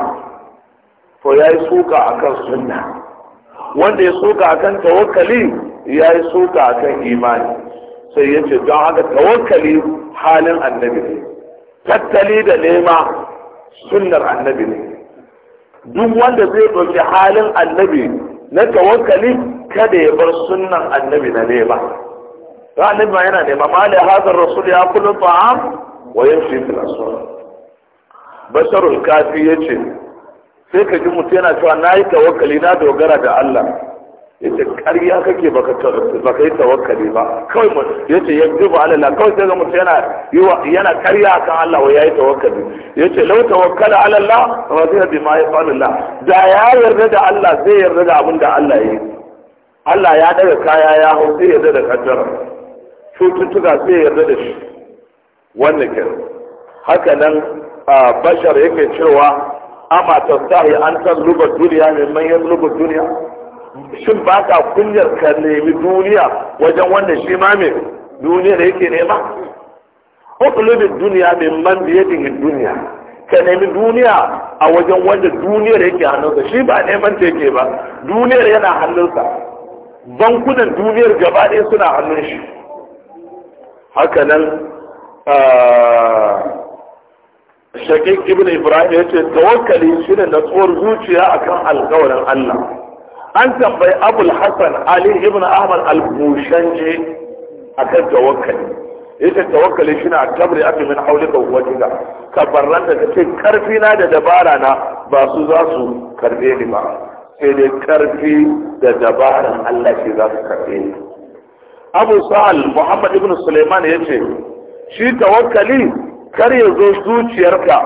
to ya yi suka a kan sunna. Wanda ya suka a kan tawakkali ya yi suka a kan imani. sai ya ce don haka tawakkali halin annabi ne tattali da nema sunnar annabi ne duk wanda zai ɗauki halin annabi na tawakkali kada ya bar sunnan annabi na nema don annabi ma yana nema ma mali hazar rasul ya kullum ta'am wa yamshi fil aswaq basharul kafi yace sai ka ji mutum yana cewa yi tawakkali na dogara da Allah yace ƙarya kake baka yi tawakkali ba kawai mu yace yanzu ba alala kawai sai mu yana yana ƙarya kan Allah wai yayi tawakkali yace law tawakkala ala Allah radiya bima yafalu Allah da ya yarda da Allah zai yarda da abin da Allah yi Allah ya daga kaya ya hau sai yarda da kaddara cututtuka sai yarda da shi wannan ke haka nan bashar yake cewa amma tasahi an lubar duniya mai manyan lubar duniya shin ba ka kunyar ka nemi duniya wajen wanda shi ma mai duniya da yake nema hukulubin duniya mai man da dingin duniya ka nemi duniya a wajen wanda duniyar yake hannunsa shi ba neman ta yake ba duniyar yana hannunsa bankunan duniyar gaba ɗaya suna hannun shi haka nan shakik ibn ibrahim ya ce tawakkali shi ne natsuwar zuciya akan alkawarin allah an tambayi abul hassan ali ibn ahmad al-bushanje akan tawakkali yace tawakkali shine a tabri aka min haulika wajika ka barranta ka ce karfi na da dabara na ba su za su karbe ni ba sai dai karfi da dabaran Allah shi za su karbe ni abu sa'al muhammad ibn sulaiman yace shi tawakkali kar ya zo zuciyarka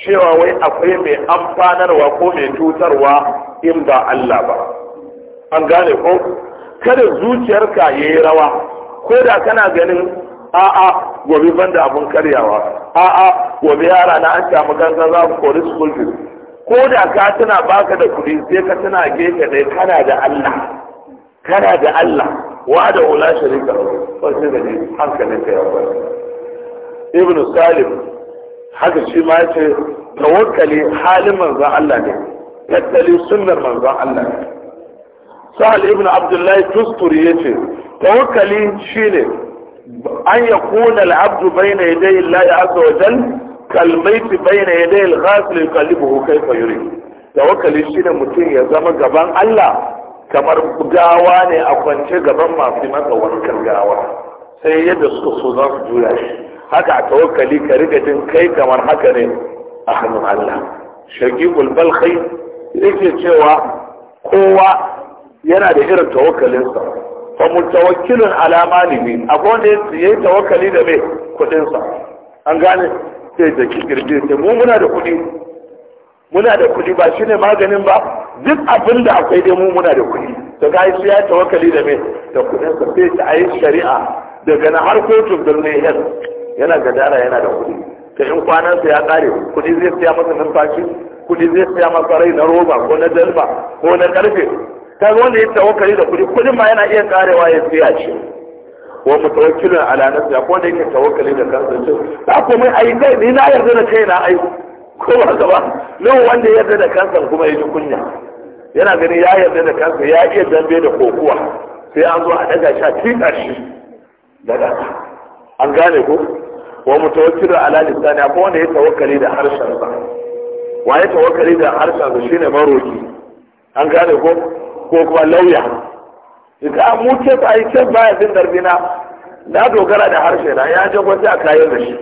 cewa wai akwai mai amfanarwa ko mai cutarwa in ba Allah ba an gane ko kada zuciyarka ya yi rawa ko da kana ganin a'a gobe ban da abun karyawa a'a gobe yara na an samu kanka za mu kori school fees ko da ka tana baka da kuɗi sai ka tana gefe dai kana da Allah kana da Allah wa da ula sharika ko sai da hankalin ka yawa ibnu salim haka shi ma yace tawakkali halin manzon Allah ne tattali sunnar manzon Allah ne sahal ibn abdullahi tusturi yace tawakkali shine an ya al-abdu bayna yaday Allah azza wa jalla kalbaiti bayna yaday al-ghasil qalbuhu kayfa yuri tawakkali shine mutum ya zama gaban Allah kamar gawa ne a kwance gaban masu masa wankan gawa sai yadda suka so za su shi haka a tawakkali ka riga jin kai kamar haka ne a hannun Allah shagiqul balkhi yake cewa kowa yana da irin tawakkalinsa fa mutawakkilun ala malimi akwai wanda yayi tawakkali da mai kudin sa an gane sai da kirje sai mu muna da kudi muna da kudi ba shine maganin ba duk abin da akwai dai mu muna da kudi to ga shi ya tawakkali da mai da kudin sa sai ta ayi shari'a daga na har kotun birnin hel yana gadara yana da kudi ta in kwanansa ya kare kudi zai siya masa numfashi kudi zai siya masa rai na roba ko na dalba ko na karfe kaga wanda ya tawakkali da kuɗi kuɗin ma yana iya karewa ya tsaya shi wa mutawakkilun ala nafsi akwai wanda yake tawakkali da kansa ce ba komai ai kai ni na yarda da kai na ai ko ba gaba nan wanda ya yarda da kansa kuma ya ji kunya yana gani ya yarda da kansa ya iya dambe da kokuwa sai an zo a daga sha tinka shi daga an gane ko wa mutawakkilun ala lisani akwai wanda ya tawakkali da harshen sa wa ya tawakkali da harshen sa shine maroki an gane ko ko kuma lauya ka mu ce ta yi ce baya jin darbi na na dogara da harshe na ya je sai a kayan da shi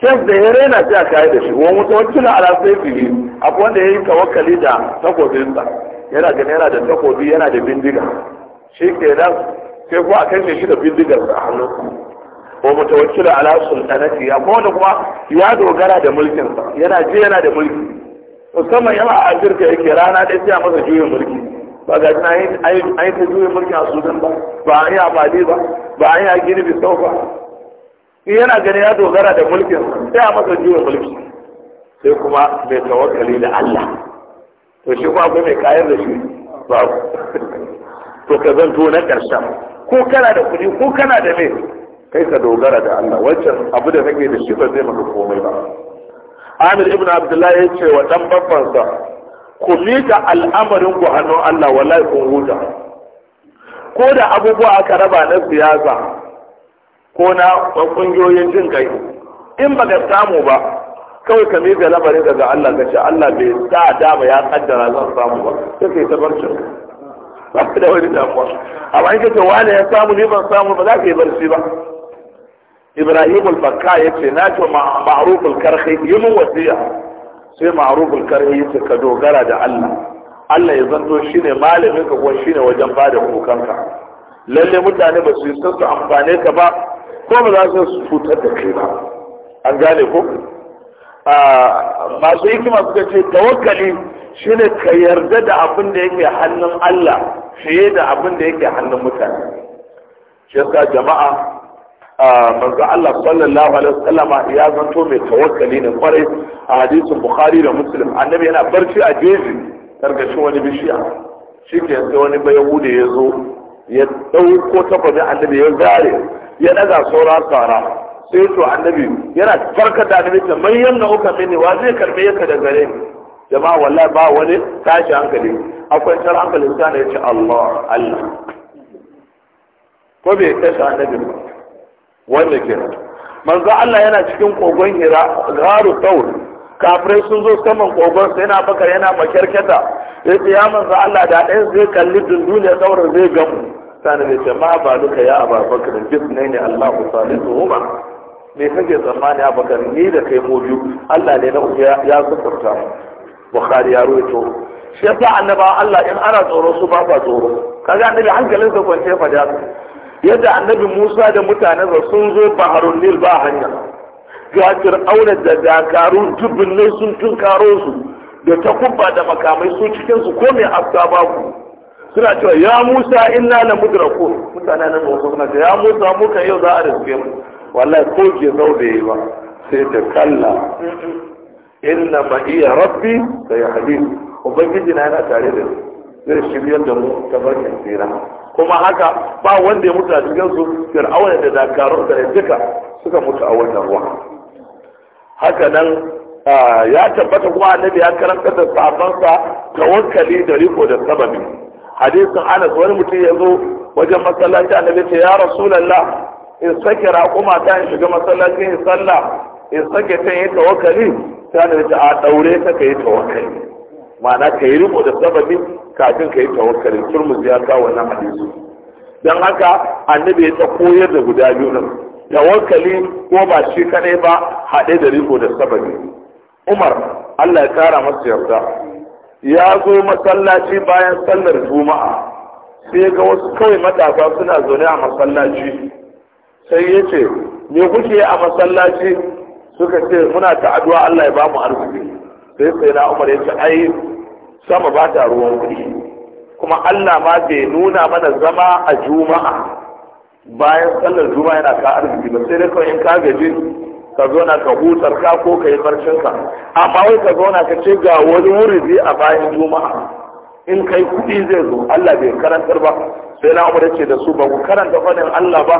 ce da ya rena ce a kayan da shi wani mutawakkilin ala sai bihi akwai wanda ya yi tawakkali da takobinsa yana gani yana da takobi yana da bindiga shi ke nan sai kuma a kai shi da bindigar a hannu ko mutawakkilin ala sultanati akwai wanda kuma ya dogara da mulkinsa yana je yana da mulki musamman yana a afirka yake rana ɗaya sai a masa juyin mulki ba ga na an yi ta juyin mulki a sudan ba ba an yi a ba ba an yi a gini bisau ba in yana gani ya dogara da mulkin sai a masa juyin mulki sai kuma mai tawakkali da allah to shi kuma akwai mai kayan da shi ba to ka zanto na ƙarshen ko kana da kuɗi ko kana da mai kai ka dogara da allah wancan abu da kake da shi ba zai maka komai ba amir ibn abdullahi ya ce wa ɗan babbansa ku mika al'amarin ku hannun Allah wallahi kun huta ko da abubuwa aka raba na siyasa ko na ƙungiyoyin jin kai in ba ka samu ba kawai ka mika lamarin daga Allah ga ce Allah bai sa dama ya kaddara zan samu ba sai kai tabarcin ba da wani damuwa amma in ka ce wani ya samu ne ban samu ba za ka yi barci ba ibrahim al-bakka ya ce na ce ma'aruf al yi min wasiya sai ma'aruf al ya ce ka dogara da Allah Allah ya zanto shine malamin ka ko ne wajen bada hukunka lalle mutane ba su yi sassu amfane ka ba ko ba za su cutar da kai ba an gane ko masu hikima suka ce tawakkali shine ka yarda da abin da yake hannun Allah fiye da abin da yake hannun mutane shi yasa jama'a manzo Allah sallallahu alaihi wasallam ya zanto mai tawakkali ne kwarai a hadisin Bukhari da Muslim annabi yana barci a jeji karkashin wani bishiya shike sai wani bayahudi ya zo ya dauko tabbata annabi ya zare ya daga saura kara sai to annabi yana farka da annabi ta mai yamna uka mini wa zai karbe yaka da gare jama'a wallahi ba wani tashi hankali akwai tar hankalin sa ne ya ce Allah Allah ko bai tashi annabi ba wanda ke manzo Allah yana cikin kogon hira garu taur kafirai sun zo saman kogon sai na bakar yana makyarketa yace ya manzo Allah da ɗayan zai kalli dunduniya saurin zai mu sani ne ce ma ba duka ya ababakar ne ne Allah ku salisu huma me kake tsammani abakar ni da kai mu biyu Allah ne na uku ya sukurta Bukhari ya ruwaito shi yasa annaba Allah in ana tsoro su ba ba tsoro kaga annabi hankalinsa kwance fa da yadda annabi musa da mutanensa sun zo baharun nil ba hanya ga fir'auna da dakaru dubbinai sun tunkaro su da takubba da makamai su cikin su ko mai afta babu suna cewa ya musa inna la mudraku mutanen nan wasu suna cewa ya musa muka yau za a riske mu wallahi ko ke zau da yi ba sai ta kalla inna ma iya rabbi sai hadisi ubangiji na yana tare da ni zai shirya da mu ta barkin tsira kuma haka ba wanda ya mutu a cikin su fir'auna da dakarun da duka suka mutu a wannan ruwa haka nan ya tabbata kuma annabi ya karanta da safansa tawakkali da riko da sababi hadisin Anas wani mutum ya zo wajen masallaci annabi ce ya lalla. in sake raƙuma ta in shiga masallaci in sallah in sake ta yi tawakkali ta annabi ce a daure ta ka yi tawakkali ma'ana ka yi riko da sababi kafin ka yi tawakkali turmus ya kawo wannan hadisi don haka annabi ya ta koyar da guda biyu nan tawakkali ko ba shi kadai ba haɗe da riko da sababi umar allah ya kara masa yarda ya zo masallaci bayan sallar juma'a sai ga wasu kawai matasa suna zaune a masallaci sai ya ce me kuke a masallaci suka ce muna ta addu'a allah ya bamu mu arziki sai sai na umar ya ce ai sama ba ta ruwan kuɗi kuma Allah ma bai nuna mana zama a juma'a bayan sallar juma'a yana ka arziki ba sai dai kawai in ka gaji ka zauna ka hutar ka ko ka yi barcinka amma wai ka zauna ka ce ga wani wuri a bayan juma'a in kai kuɗi zai zo Allah bai karantar ba sai na umar ce da su ba ku karanta fadin Allah ba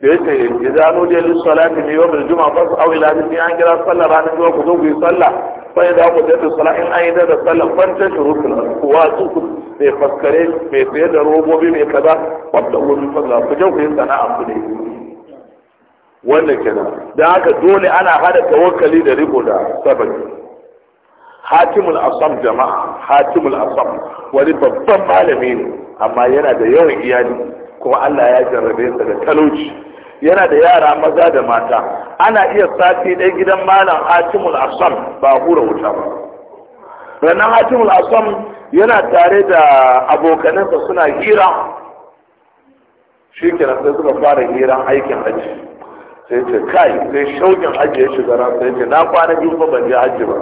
da yake idan da lissalati ne yau da juma'a ba su awila an kira sallar ranar juma'a ku zo ku yi sallah sai da ku da sala in yi da sallan fanta shurukul kuwa su Mai faskare mai sayar da robobi mai kaza wanda wani falla ku je ku yi sana'a ku ne wannan kenan da haka dole ana hada tawakkali da riko da sabani hatimul asam jama'a hatimul asam wani babban malami ne amma yana da yawan iyali kuma Allah ya jarrabe sa da talauci yana da yara maza da mata ana iya sati ɗaya gidan malam hatimul asam ba hura wuta ba ranar hatimul asam yana tare da abokanansa suna hira shi sai suka fara hiran aikin hajji sai ce kai sai shaukin hajji ya shiga ran sai ce na kwana biyu ba ban je hajji ba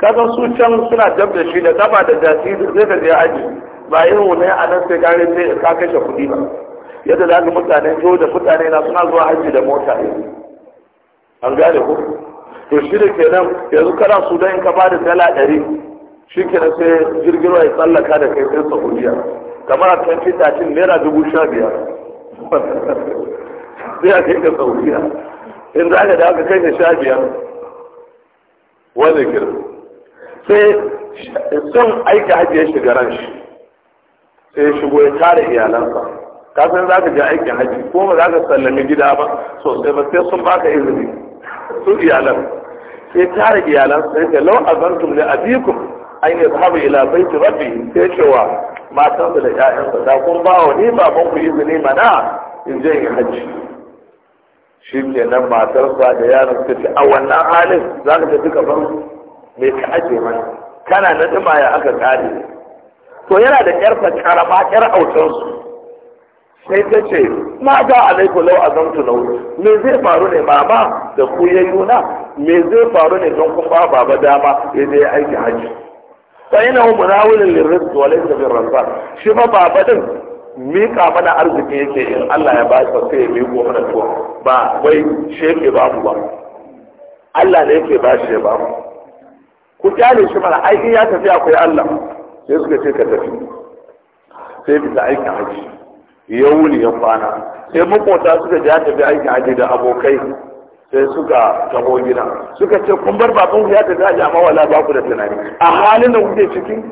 kasan su can suna dab da shi da daba da jasi sai ka je hajji ba yin wani a nan sai gare sai ka kashe kuɗi ba yadda za ka mutane jo da mutane na suna zuwa hajji da mota yanzu an gane ku to shi da ke nan yanzu kana sudan ka bada dala ɗari shi ke nan sai jirgin ruwa ya tsallaka da kai sai saudiya kamar a kan fi tacin naira dubu sha biyar sai a kai ka saudiya in za ka da aka kai ka sha biyar wani kira sai sun aika hajji ya shiga ran shi sai ya shigo ya tare iyalansa ka san za ka je aikin hajji ko ba za ka sallami gida ba sosai ba sai sun baka izini su iyalan sai tare iyalan sai ce lau azantum li abikum an yadhhabu ila baiti rabbi sai cewa matansa da ƴaƴansa da kun ba wa ni baban ku izini mana in je in hajji shi ne nan matarsa da yaron ta ce a wannan halin za ka tafi ka bar me ka aje mana kana na dima ya aka kare to yana da ƙarfa karama ƙar autansu sai ta ce ma ga alaikun lau azamtu lau me zai faru ne mama da ku ya yuna me zai faru ne don kuma baba dama ya zai aiki hajji fa ina hu lirin lirrizq wale laysa bir razzaq shi ba baba din miƙa mana arziki yake in Allah ya ba shi sai ya miko mana to ba wai shi yake ba mu ba Allah ne yake ba shi ya ba mu ku kyale shi mana ai in ya tafi akwai Allah sai suka ce ka tafi sai bisa aikin hajji ya wuni ya kwana sai makota suka ja tafi aikin aji da abokai sai suka taho gida suka ce kun bar baban ya tafi aji amma wala ba ku da tunani a halin da kuke ciki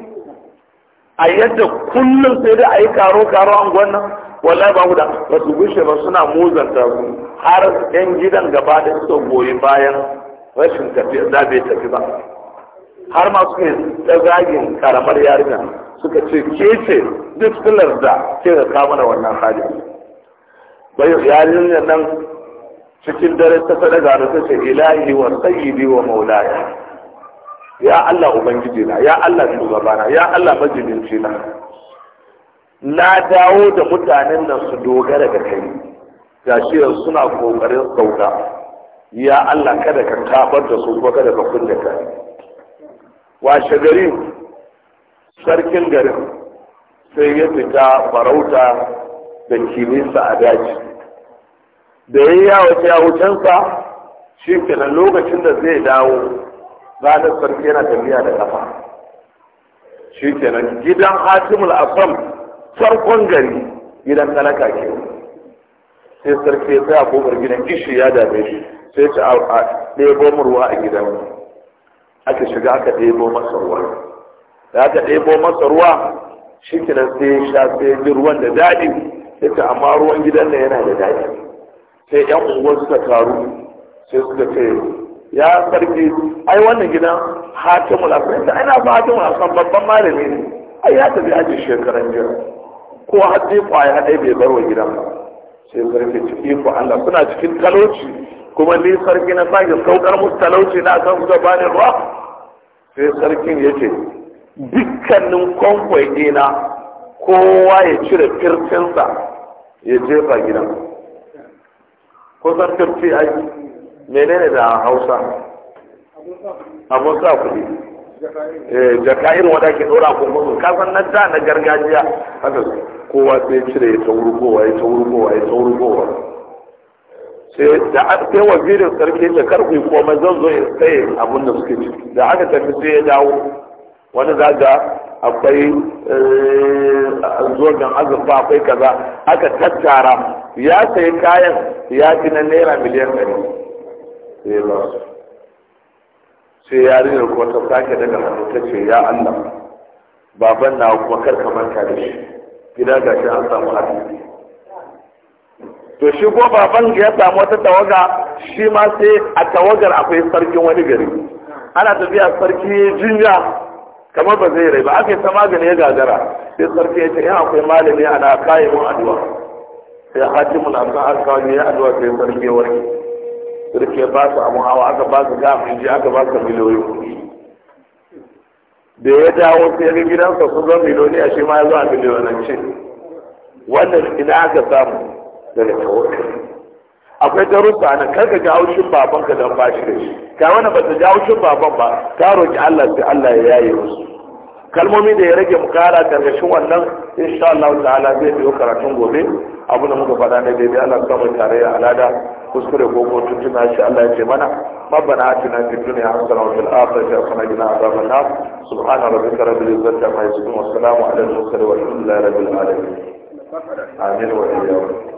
a yadda kullum sai da ayi karo karo an gwanna, wala ba ku da ba su gushe ba suna muzanta ku har yan gidan gaba da su goyi bayan rashin tafiya za bai tafi ba har ma suka ta zagin karamar yarinya suka ce ke ce duk filar da ke da kamuna wannan hali bai yarinyar nan cikin dare ta sadaka da ta ce ilahi wa sayyidi wa maulaya ya Allah ubangiji na ya Allah shugabana ya Allah majibinci na na dawo da mutanen nan su dogara ga kai gashi suna kokarin sauka ya Allah kada ka tabar da su kuma kada ka kunna kai washe gari sarkin garin sai ya fita farauta da kiminsa a daji da ya yi yawo ta yahucensa shi kenan lokacin da zai dawo ranar sarki yana tafiya da kafa shi kenan gidan hatimul asam farkon gari gidan talaka ke sai sarki ya tsaya kofar gidan kishi ya dame shi sai ta a ɗebo ruwa a gidan aka shiga aka ɗebo masa ruwa da aka ɗebo masa ruwa shi kenan sai ya sha sai ji ruwan da daɗi yace amma ruwan gidan nan yana da daɗi sai yan unguwar suka taru sai suka ce ya sarki ai wannan gidan hakimu asan da ana fa hakimu asan babban malami ne ai ya tafi aji shekaran jiya ko har sai kwaya ɗaya bai bar wa gidan ba sai sarki ciki ko Allah suna cikin talauci kuma ni sarki na sake saukar musu talauci na kan kusa bani ruwa sai sarkin ya ce dukkanin kwankwai dina kowa ya cire firtinsa ya jefa gidan kusan a yi menene da hausa abun sa kuɗi eh, jaka irin wanda ke ɗora kuma kasan na da na gargajiya haka kowa sai cire ya tauri ya tauri ya tauri sai da sai wazirin sarki da karfi komai zan zo in tsaye abin da suke ciki da aka tafi sai ya dawo wani zaga akwai eh, zogan azurfa akwai kaza aka tattara ya sayi kayan ya fi na naira miliyan ɗari sai ya su yarinyar kuma ta sake daga hannu ta ce ya allah baban na kuma karka manta da shi gida gashi an samu hadisi to shi ko baban ya samu wata tawaga shi ma sai a tawagar akwai sarkin wani gari ana tafiya sarki jinya kamar ba zai rai ba aka ta magani ya gagara sai sarki ya ce ya akwai malami ana kayi mun addu'a sai na amsa an kawo ya addu'a sai sarki ya warke sarki ba su amu hawa aka ba su ga ji aka ba su miliyoyi da ya dawo sai ga gidansa sun zo miliyoni a shi ma ya zo a ce wannan ina aka samu daga tawakkali akwai darussa nan kar ka ji haushin baban ka dan bashi da shi ka wani ba ta ga haushin baban ba ta roki Allah sai Allah ya yaye musu kalmomi da ya rage mu kara shi wannan insha Allah ta'ala zai biyo karatun gobe abu da muka faɗa ne daidai Allah mai tare da alada kuskure ko ko tuntuna shi Allah ya ce mana hasana wa fil akhirati حسنة وفي الآخرة حسنة وقنا subhana rabbika rabbil izzati amma yasifun wa salamun والسلام على المرسلين والحمد rabbil alamin amin wa وإياكم